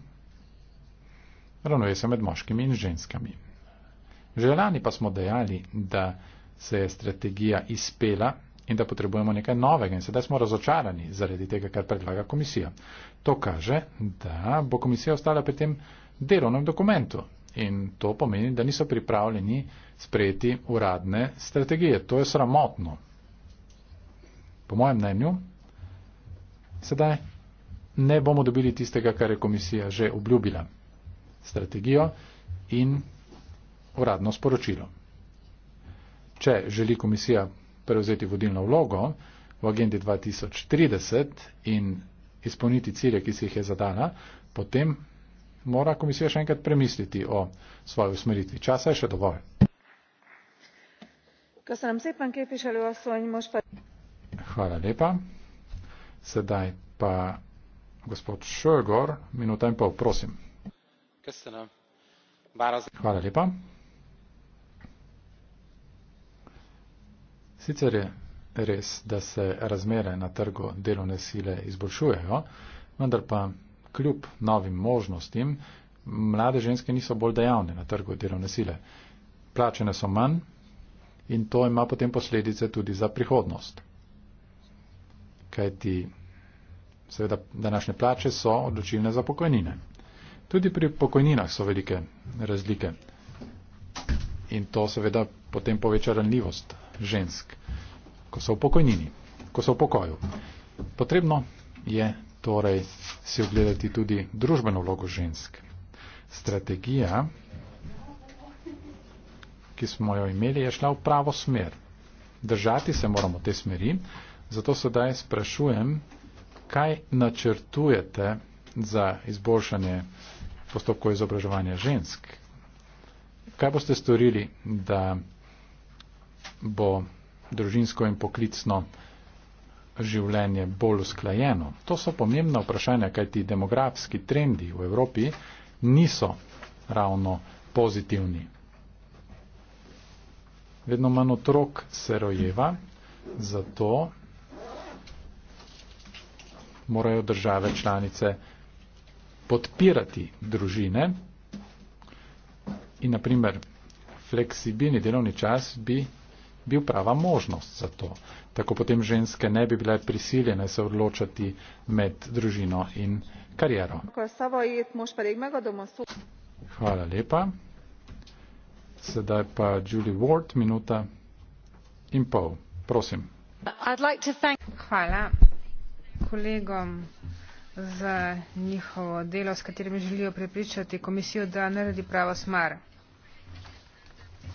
ravnovesja med moškimi in ženskami. Že lani pa smo dejali, da se je strategija izpela in da potrebujemo nekaj novega in sedaj smo razočarani zaradi tega, kar predlaga komisija. To kaže, da bo komisija ostala pri tem delovnem dokumentu in to pomeni, da niso pripravljeni sprejeti uradne strategije. To je sramotno. Po mojem mnenju, sedaj ne bomo dobili tistega, kar je komisija že obljubila. Strategijo in uradno sporočilo. Če želi komisija prevzeti vodilno vlogo v agendi 2030 in izpolniti cilje, ki si jih je zadala, potem mora komisija še enkrat premisliti o svoji usmeritvi. Časa je še dovolj. Hvala lepa. Sedaj pa gospod Šögor, minuta in pol, prosim. Hvala lepa. Sicer je res, da se razmere na trgu delovne sile izboljšujejo, vendar pa kljub novim možnostim mlade ženske niso bolj dejavne na trgu delovne sile. Plačene so manj in to ima potem posledice tudi za prihodnost. Kaj ti seveda današnje plače so odločilne za pokojnine. Tudi pri pokojninah so velike razlike. In to seveda potem poveča ranljivost žensk, ko so v pokojnini, ko so v pokoju. Potrebno je torej si ogledati tudi družbeno vlogo žensk. Strategija, ki smo jo imeli, je šla v pravo smer. Držati se moramo te smeri, zato sedaj sprašujem, kaj načrtujete za izboljšanje postopkov izobraževanja žensk. Kaj boste storili, da bo družinsko in poklicno življenje bolj usklajeno. To so pomembna vprašanja, kajti demografski trendi v Evropi niso ravno pozitivni. Vedno manj otrok se rojeva, zato morajo države članice podpirati družine in naprimer fleksibilni delovni čas bi bil prava možnost za to. Tako potem ženske ne bi bile prisiljene se odločati med družino in kariero. Hvala lepa. Sedaj pa Julie Ward, minuta in pol. Prosim. Hvala kolegom za njihovo delo, s katerim želijo prepričati komisijo, da naredi pravo smar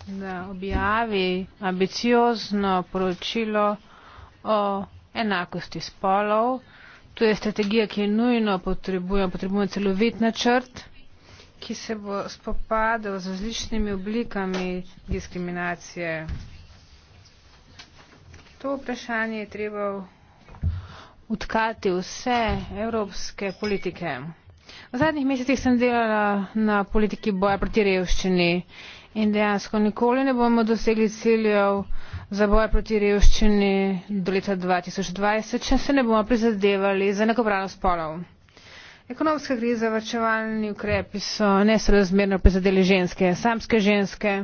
da objavi ambiciozno poročilo o enakosti spolov. To je strategija, ki je nujno potrebujemo, potrebujemo celovit načrt, ki se bo spopadal z različnimi oblikami diskriminacije. To vprašanje je treba utkati vse evropske politike. V zadnjih mesecih sem delala na politiki boja proti revščini in dejansko nikoli ne bomo dosegli ciljev za boj proti revščini do leta dva tisoč dvajset če se ne bomo prizadevali za enakopravnost spolov. ekonomska kriza varčevalni ukrepi so nesorazmerno prizadeli ženske samske ženske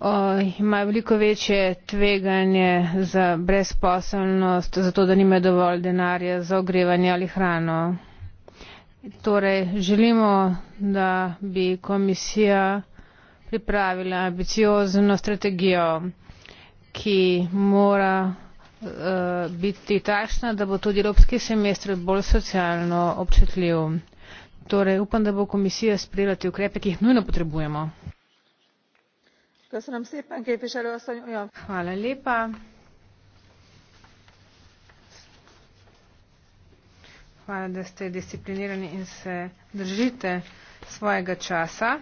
O, imajo veliko večje tveganje za brezposelnost, zato da nimajo dovolj denarja za ogrevanje ali hrano. Torej, želimo, da bi komisija pripravila ambiciozno strategijo, ki mora uh, biti takšna, da bo tudi evropski semestr bolj socialno občutljiv. Torej, upam, da bo komisija sprejela te ukrepe, ki jih nujno potrebujemo. Hvala lepa. Hvala, da ste disciplinirani in se držite svojega časa.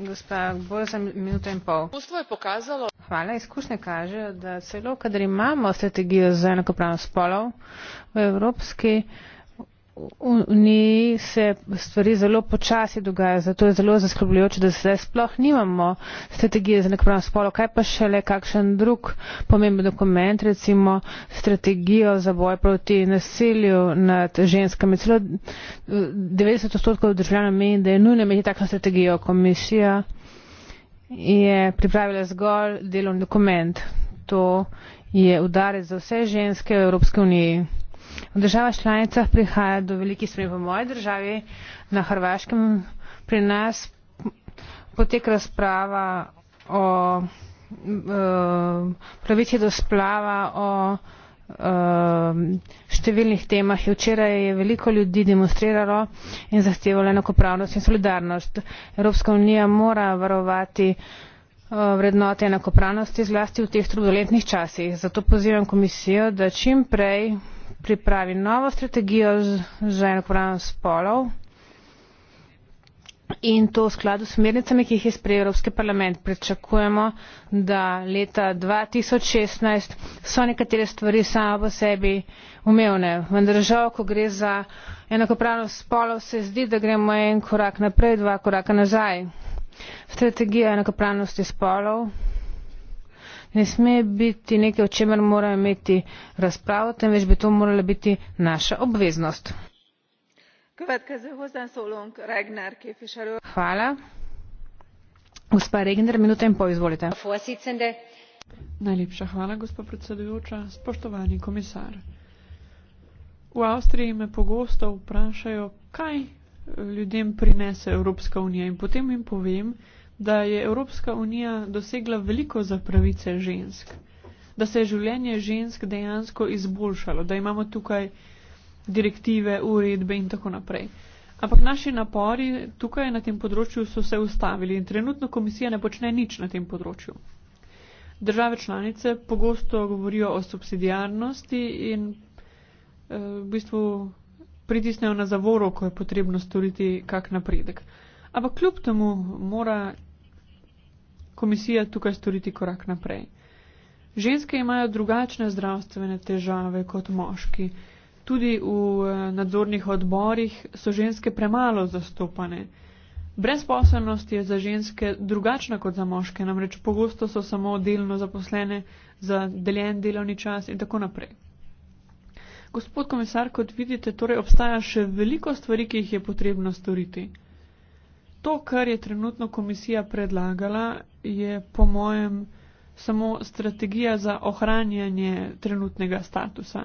Gospa, bolj za minuto in pol. Pustvo je pokazalo. Hvala, izkušnje kažejo, da celo, kadar imamo strategijo za enakopravnost spolov v Evropski uniji, v njej se stvari zelo počasi dogajajo, zato je zelo zaskrbljujoče, da zdaj sploh nimamo strategije za nekaj spolo, kaj pa še le kakšen drug pomemben dokument, recimo strategijo za boj proti nasilju nad ženskami. Celo 90 eh, odstotkov državljanov meni, da je nujno imeti takšno strategijo. Komisija je pripravila zgolj delovni dokument. To je udarec za vse ženske v Evropske unije v državah članicah prihaja do velikih sprememb. v moji državi na hrvaškem pri nas poteka razprava o eh, pravici do splava o eh, številnih temah. Včeraj je veliko ljudi demonstriralo in zahtevalo enakopravnost in solidarnost. Evropska unija mora varovati eh, vrednote enakopravnosti zlasti v teh turbulentnih časih. Zato pozivam komisijo, da čim prej pripravi novo strategijo za enakopravnost spolov in to v skladu s smernicami ki jih je sprejel evropski parlament pričakujemo da leta dva tisoč šestnajst so nekatere stvari same po sebi umevne vendar žal ko gre za enakopravnost spolov se zdi da gremo en korak naprej dva koraka nazaj. strategija enakopravnosti spolov ne sme biti nekaj, o čemer moramo imeti razpravo, temveč bi to morala biti naša obveznost. Hvala. Gospa Regner, minuta in pol, izvolite. Najlepša hvala, gospa predsedujoča. Spoštovani komisar. V Avstriji me pogosto vprašajo, kaj eh, ljudem prinese Evropska unija in potem jim povem, da je Evropska unija dosegla veliko za pravice žensk, da se je življenje žensk dejansko izboljšalo, da imamo tukaj direktive, uredbe in tako naprej. Ampak naši napori tukaj na tem področju so se ustavili in trenutno komisija ne počne nič na tem področju. Države članice pogosto govorijo o subsidijarnosti in eh, v bistvu pritisnejo na zavoro, ko je potrebno storiti kak napredek. Ampak kljub temu mora komisija tukaj storiti korak naprej. Ženske imajo drugačne zdravstvene težave kot moški. Tudi v eh, nadzornih odborih so ženske premalo zastopane. Brezposelnost je za ženske drugačna kot za moške, namreč pogosto so samo delno zaposlene za deljen delovni čas in tako naprej. Gospod komisar, kot vidite, torej obstaja še veliko stvari, ki jih je potrebno storiti to, kar je trenutno komisija predlagala, je po mojem samo strategija za ohranjanje trenutnega statusa.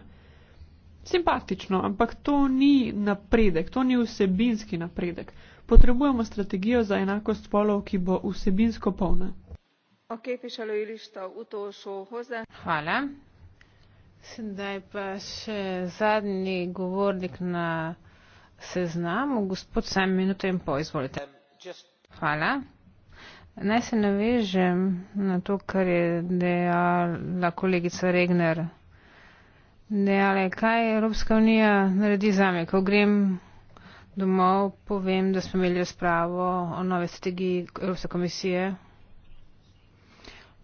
Simpatično, ampak to ni napredek, to ni vsebinski napredek. Potrebujemo strategijo za enakost spolov, ki bo vsebinsko polna. Okay, pišalo, to Hvala. Sedaj pa še zadnji govornik na seznamu, gospod Sam, minuto in pol, izvolite. Um. Hvala. Naj se navežem na to, kar je dejala kolegica Regner. Dejala je, kaj Evropska unija naredi za me. Ko grem domov, povem, da smo imeli razpravo o nove strategiji Evropske komisije.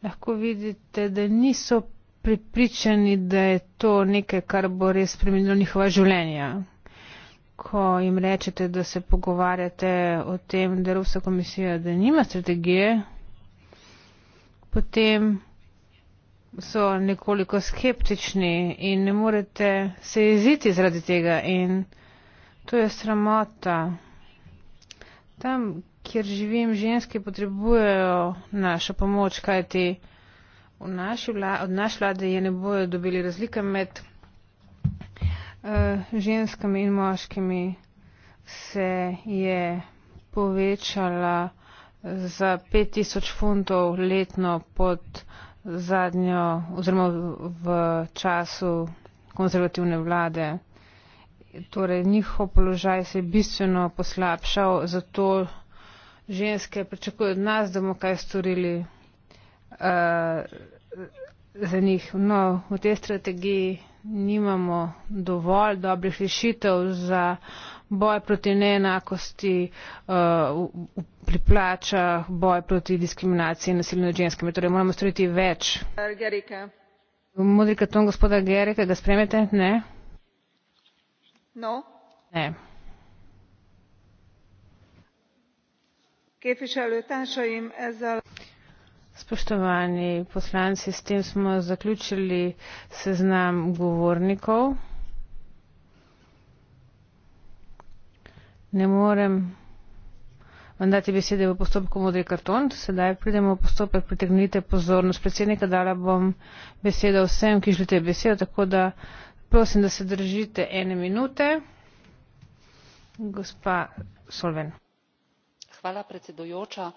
Lahko vidite, da niso pripričani, da je to nekaj, kar bo res spremenilo njihova življenja ko jim rečete, da se pogovarjate o tem, da Evropska komisija, da nima strategije, potem so nekoliko skeptični in ne morete se jeziti zaradi tega in to je sramota. Tam, kjer živim, ženske potrebujejo našo pomoč, kajti naši vla od naše vlade je ne bojo dobili razlike med Eh, ženskami in moškimi se je povečala za 5000 funtov letno pod zadnjo oziroma v času konzervativne vlade. Torej, njihov položaj se je bistveno poslabšal, zato ženske pričakujejo od nas, da bomo kaj storili uh, za njih. No, v tej strategiji nimamo dovolj dobrih rešitev za boj proti neenakosti uh, pri plačah, boj proti diskriminaciji in nasilju nad ženskami. Torej moramo storiti več. Modri karton gospoda Gerika, ga spremete? Ne. No. Ne. Képviselő társaim, ezzel... Spoštovani poslanci, s tem smo zaključili seznam govornikov. Ne morem vam dati besede v postopku modri karton, sedaj pridemo v postopek, pritegnite pozornost predsednika, dala bom besedo vsem, ki želite besedo, tako da prosim, da se držite ene minute. Gospa Solven. Hvala predsedujoča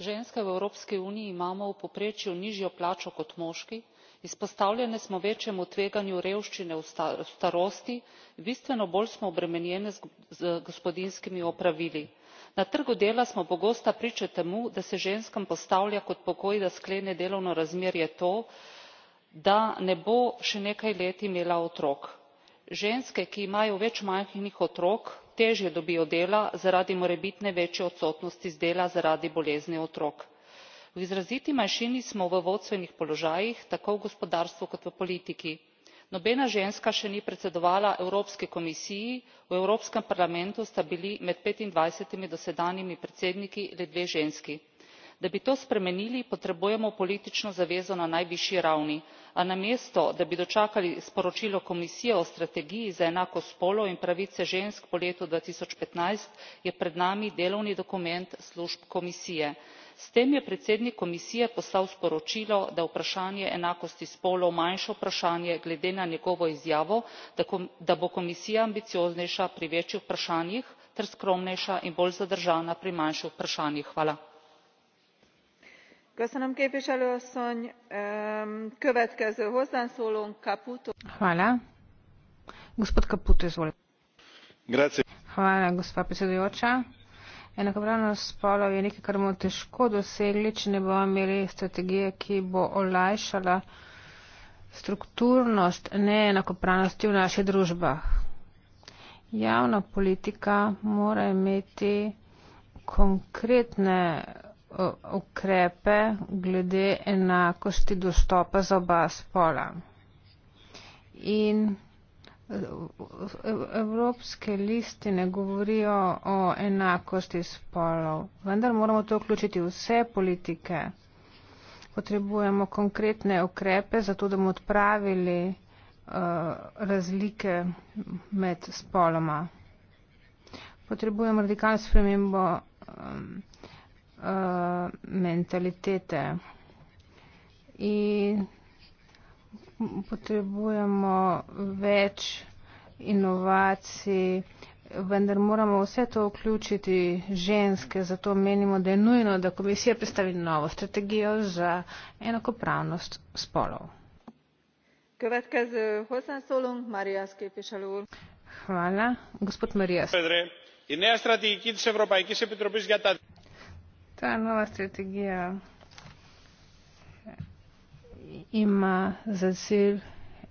ženske v evropski uniji imamo v povprečju nižjo plačo kot moški izpostavljene smo večjemu tveganju revščine v starosti bistveno bolj smo obremenjene z gospodinjskimi opravili. na trgu dela smo pogosto priča temu da se ženskam postavlja kot pogoj da sklene delovno razmerje to da ne bo še nekaj let imela otrok. ženske ki imajo več majhnih otrok težje dobijo dela zaradi morebitne večje odsotnosti z dela zaradi bolezni otrok. v izraziti manjšini smo v vodstvenih položajih tako v gospodarstvu kot v politiki. nobena ženska še ni predsedovala evropski komisiji v evropskem parlamentu sta bili med petindvajsetimi dosedanjimi predsedniki le dve ženski da bi to spremenili potrebujemo politično zavezo na najvišji ravni a namesto da bi dočakali sporočilo komisije o strategiji za enakost spolov in pravice žensk po letu dva tisoč petnajst je pred nami delovni dokument služb komisije. s tem je predsednik komisije poslal sporočilo da je vprašanje enakosti spolov manjše vprašanje glede na njegovo izjavo da bo komisija ambicioznejša pri večjih vprašanjih ter skromnejša in bolj zadržana pri manjših vprašanjih enakopravnost spolov je nekaj kar bomo težko dosegli če ne bomo imeli strategije ki bo olajšala strukturnost neenakopravnosti v naših družbah. javna politika mora imeti konkretne ukrepe glede enakosti dostopa za oba spola. In evropske listine govorijo o enakosti spolov, vendar moramo to vključiti vse politike. Potrebujemo konkretne ukrepe, zato da bomo odpravili uh, razlike med spoloma. Potrebujemo radikalno spremembo. Um, uh, mentalitete. In potrebujemo več inovacij, vendar moramo vse to vključiti ženske, zato menimo, da je nujno, da komisija predstavi novo strategijo za enakopravnost spolov. Hvala, gospod Marijas. Ta nova strategija eh, ima za cilj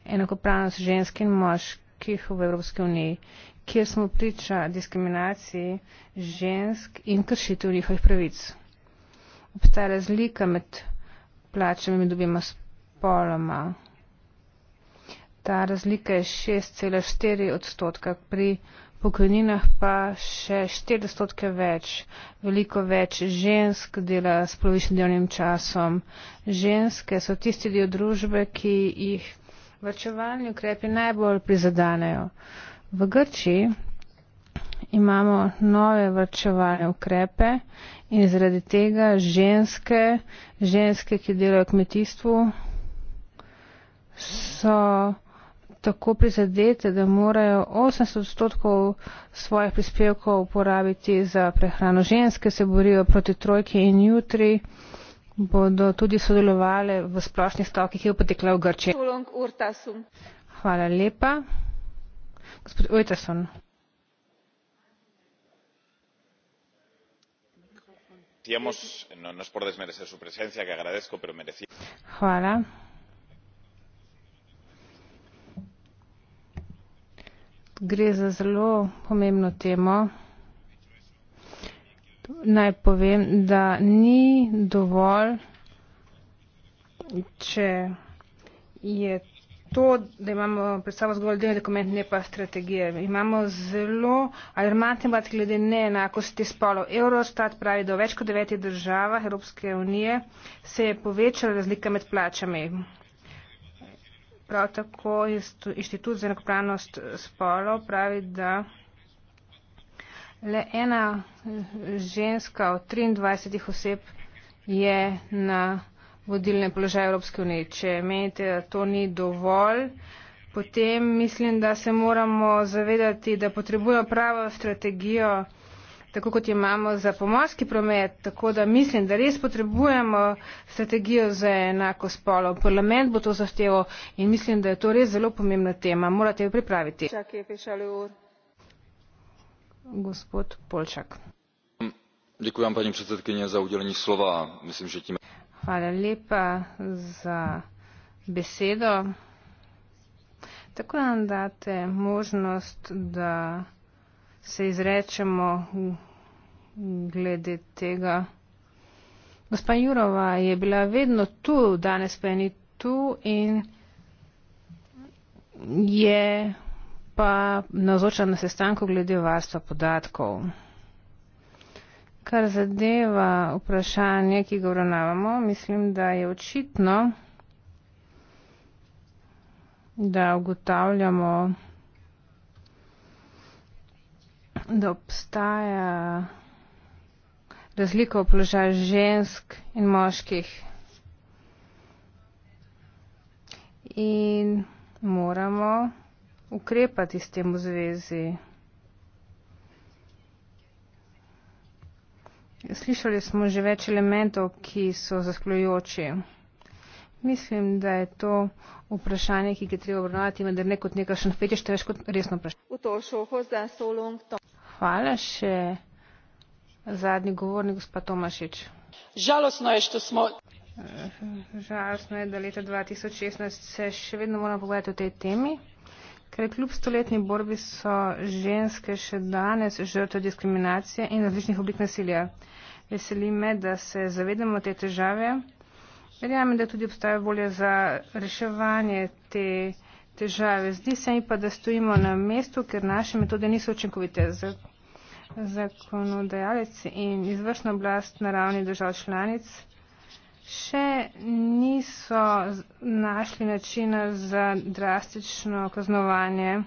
enakopravnost žensk in moških v Evropski uniji, kjer smo priča diskriminaciji žensk in kršitev njihovih pravic. Obstaja razlika med plačami med obima spoloma. Ta razlika je 6,4 odstotka pri pokojninah pa še 40% več, veliko več žensk dela s polovičnim delovnim časom. Ženske so tisti del družbe, ki jih vrčevalni ukrepi najbolj prizadanejo. V Grčiji imamo nove vrčevalne ukrepe in zaradi tega ženske, ženske, ki delajo v kmetijstvu, so tako prizadete, da morajo 80 odstotkov svojih prispevkov uporabiti za prehrano. Ženske se borijo proti trojki in jutri bodo tudi sodelovali v splošnih stavkih, ki je potekla v Grče. Hvala lepa. Gospod Ujtason. No, no Hvala. gre za zelo pomembno temo. Naj povem, da ni dovolj, če je to, da imamo pred sabo zgolj del dokument, ne pa strategije. Imamo zelo alarmantne bati glede neenakosti spolov. Eurostat pravi, da v več kot devetih državah Evropske unije se je povečala razlika med plačami. Prav tako Inštitut za enakopravnost spolov pravi, da le ena eh, ženska od 23 oseb je na vodilnem položaju Evropske unije. Če menite, da to ni dovolj, potem mislim, da se moramo zavedati, da potrebujemo pravo strategijo tako kot imamo za pomorski promet, tako da mislim, da res potrebujemo strategijo za enako spolo. Parlament bo to zahteval in mislim, da je to res zelo pomembna tema. Morate jo pripraviti. Gospod Polčak. Děkuji vám, paní předsedkyně, za udělení slova. Myslím, že tím... Hvala lepa za besedo. Tako nam date možnost, da se izrečemo glede tega. Gospa Jurova je bila vedno tu, danes pa je ni tu in je pa navzoča na sestanku glede varstva podatkov. Kar zadeva vprašanje, ki ga obravnavamo, mislim, da je očitno, da ugotavljamo, da obstaja razliko v položaju žensk in moških. In moramo ukrepati s tem v zvezi. Slišali smo že več elementov, ki so zaskljujoči. Mislim, da je to vprašanje, ki ga treba obravnavati, vendar ne kot nekakšen fetiš, to je več kot resno vprašanje. Hvala še zadnji govornik gospa tomašič žalostno je što smo eh, žalostno je da leta dva tisoč šestnajst se še vedno moramo pogledati o tej temi Ker kljub stoletni borbi so ženske še danes žrtve diskriminacije in različnih oblik nasilja. Veseli me, da se zavedamo te težave. Verjamem, da tudi obstaja volja za reševanje te težave. Zdi se mi pa, da stojimo na mestu, ker naše metode niso učinkovite. Zato zakonodajalec in izvršna oblast na ravni držav članic še niso našli načina za drastično kaznovanje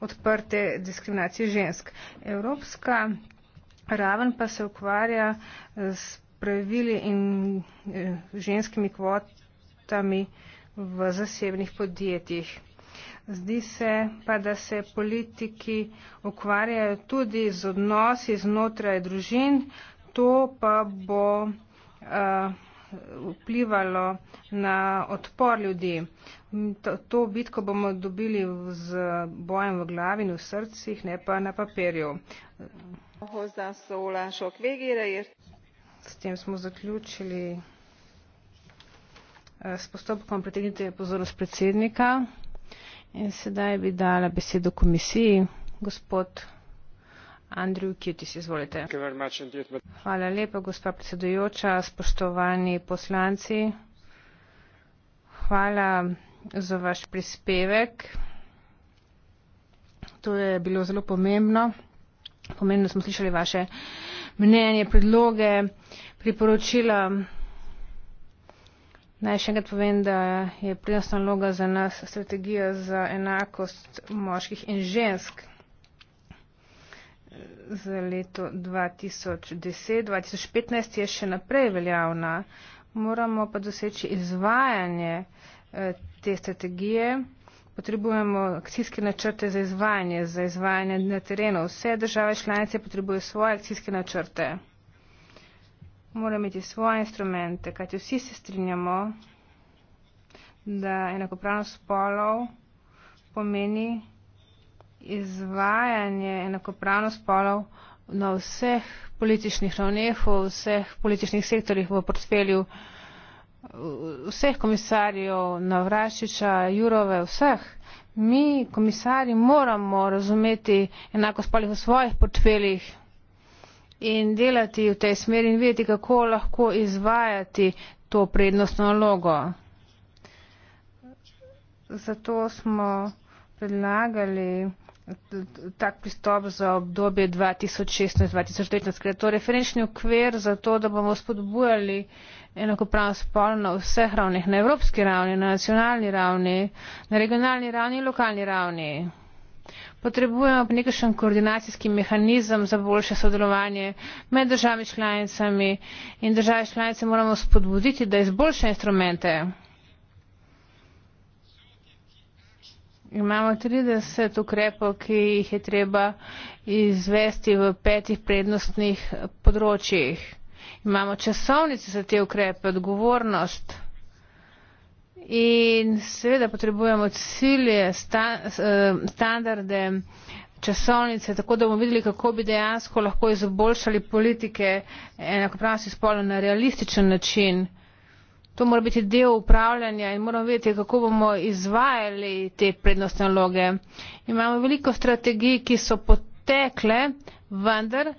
odprte diskriminacije žensk. Evropska raven pa se ukvarja s pravili in eh, ženskimi kvotami v zasebnih podjetjih. Zdi se pa, da se politiki ukvarjajo tudi z odnosi znotraj družin, to pa bo uh, vplivalo na odpor ljudi. To, to bitko bomo dobili z bojem v glavi in v srcih, ne pa na papirju. S tem smo zaključili uh, s postopkom pretegnite pozornost predsednika. In sedaj bi dala besedo komisiji. Gospod Andrew Kittis, izvolite. Hvala lepa, gospa predsedujoča, spoštovani poslanci. Hvala za vaš prispevek. To je bilo zelo pomembno. Pomembno smo slišali vaše mnenje, predloge, priporočila. Naj še enkrat povem, da je prednostna loga za nas strategija za enakost moških in žensk za leto 2010. 2015 je še naprej veljavna. Moramo pa doseči izvajanje eh, te strategije. Potrebujemo akcijske načrte za izvajanje, za izvajanje na terenu. Vse države članice potrebujejo svoje akcijske načrte mora imeti svoje instrumente, kajti vsi se strinjamo, da enakopravnost spolov pomeni izvajanje enakopravnost spolov na vseh političnih ravneh, v vseh političnih sektorjih, v portfelju vseh komisarjev, Navrašiča, Jurove, vseh. Mi, komisari, moramo razumeti enako spolih v svojih portfeljih in delati v tej smeri in vedeti, kako lahko izvajati to prednostno nalogo. Zato smo predlagali tak pristop za obdobje 2016-2019, ker je to referenčni okvir za to, da bomo spodbujali enakopravno spolno na vseh ravnih, na evropski ravni, na nacionalni ravni, na regionalni ravni in lokalni ravni potrebujemo pa nekakšen koordinacijski mehanizem za boljše sodelovanje med državami članicami in države članice moramo spodbuditi, da izboljšajo instrumente. Imamo 30 ukrepov, ki jih je treba izvesti v petih prednostnih področjih. Imamo časovnice za te ukrepe, odgovornost. In seveda potrebujemo cilje, sta, eh, standarde, časovnice, tako da bomo videli, kako bi dejansko lahko izboljšali politike enakopravnosti spolov na realističen način. To mora biti del upravljanja in moramo vedeti, kako bomo izvajali te prednostne naloge. Imamo veliko strategij, ki so potekle, vendar,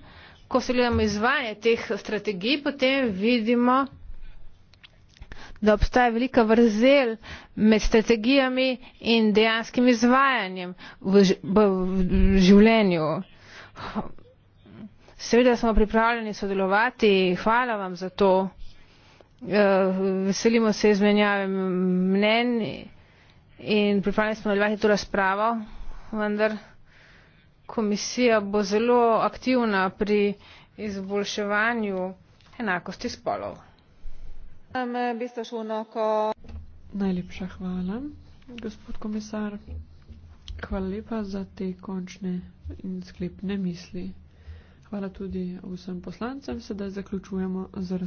ko se gledamo izvajanje teh strategij, potem vidimo, da obstaja velika vrzel med strategijami in dejanskim izvajanjem v, v, v življenju. Seveda smo pripravljeni sodelovati, hvala vam za to. Eh, veselimo se izmenjave mnen in pripravljeni smo nadaljevati to razpravo, vendar komisija bo zelo aktivna pri izboljševanju enakosti spolov. Najlepša hvala, gospod komisar. Hvala lepa za te končne in sklepne misli. Hvala tudi vsem poslancem. Sedaj zaključujemo z razpravo.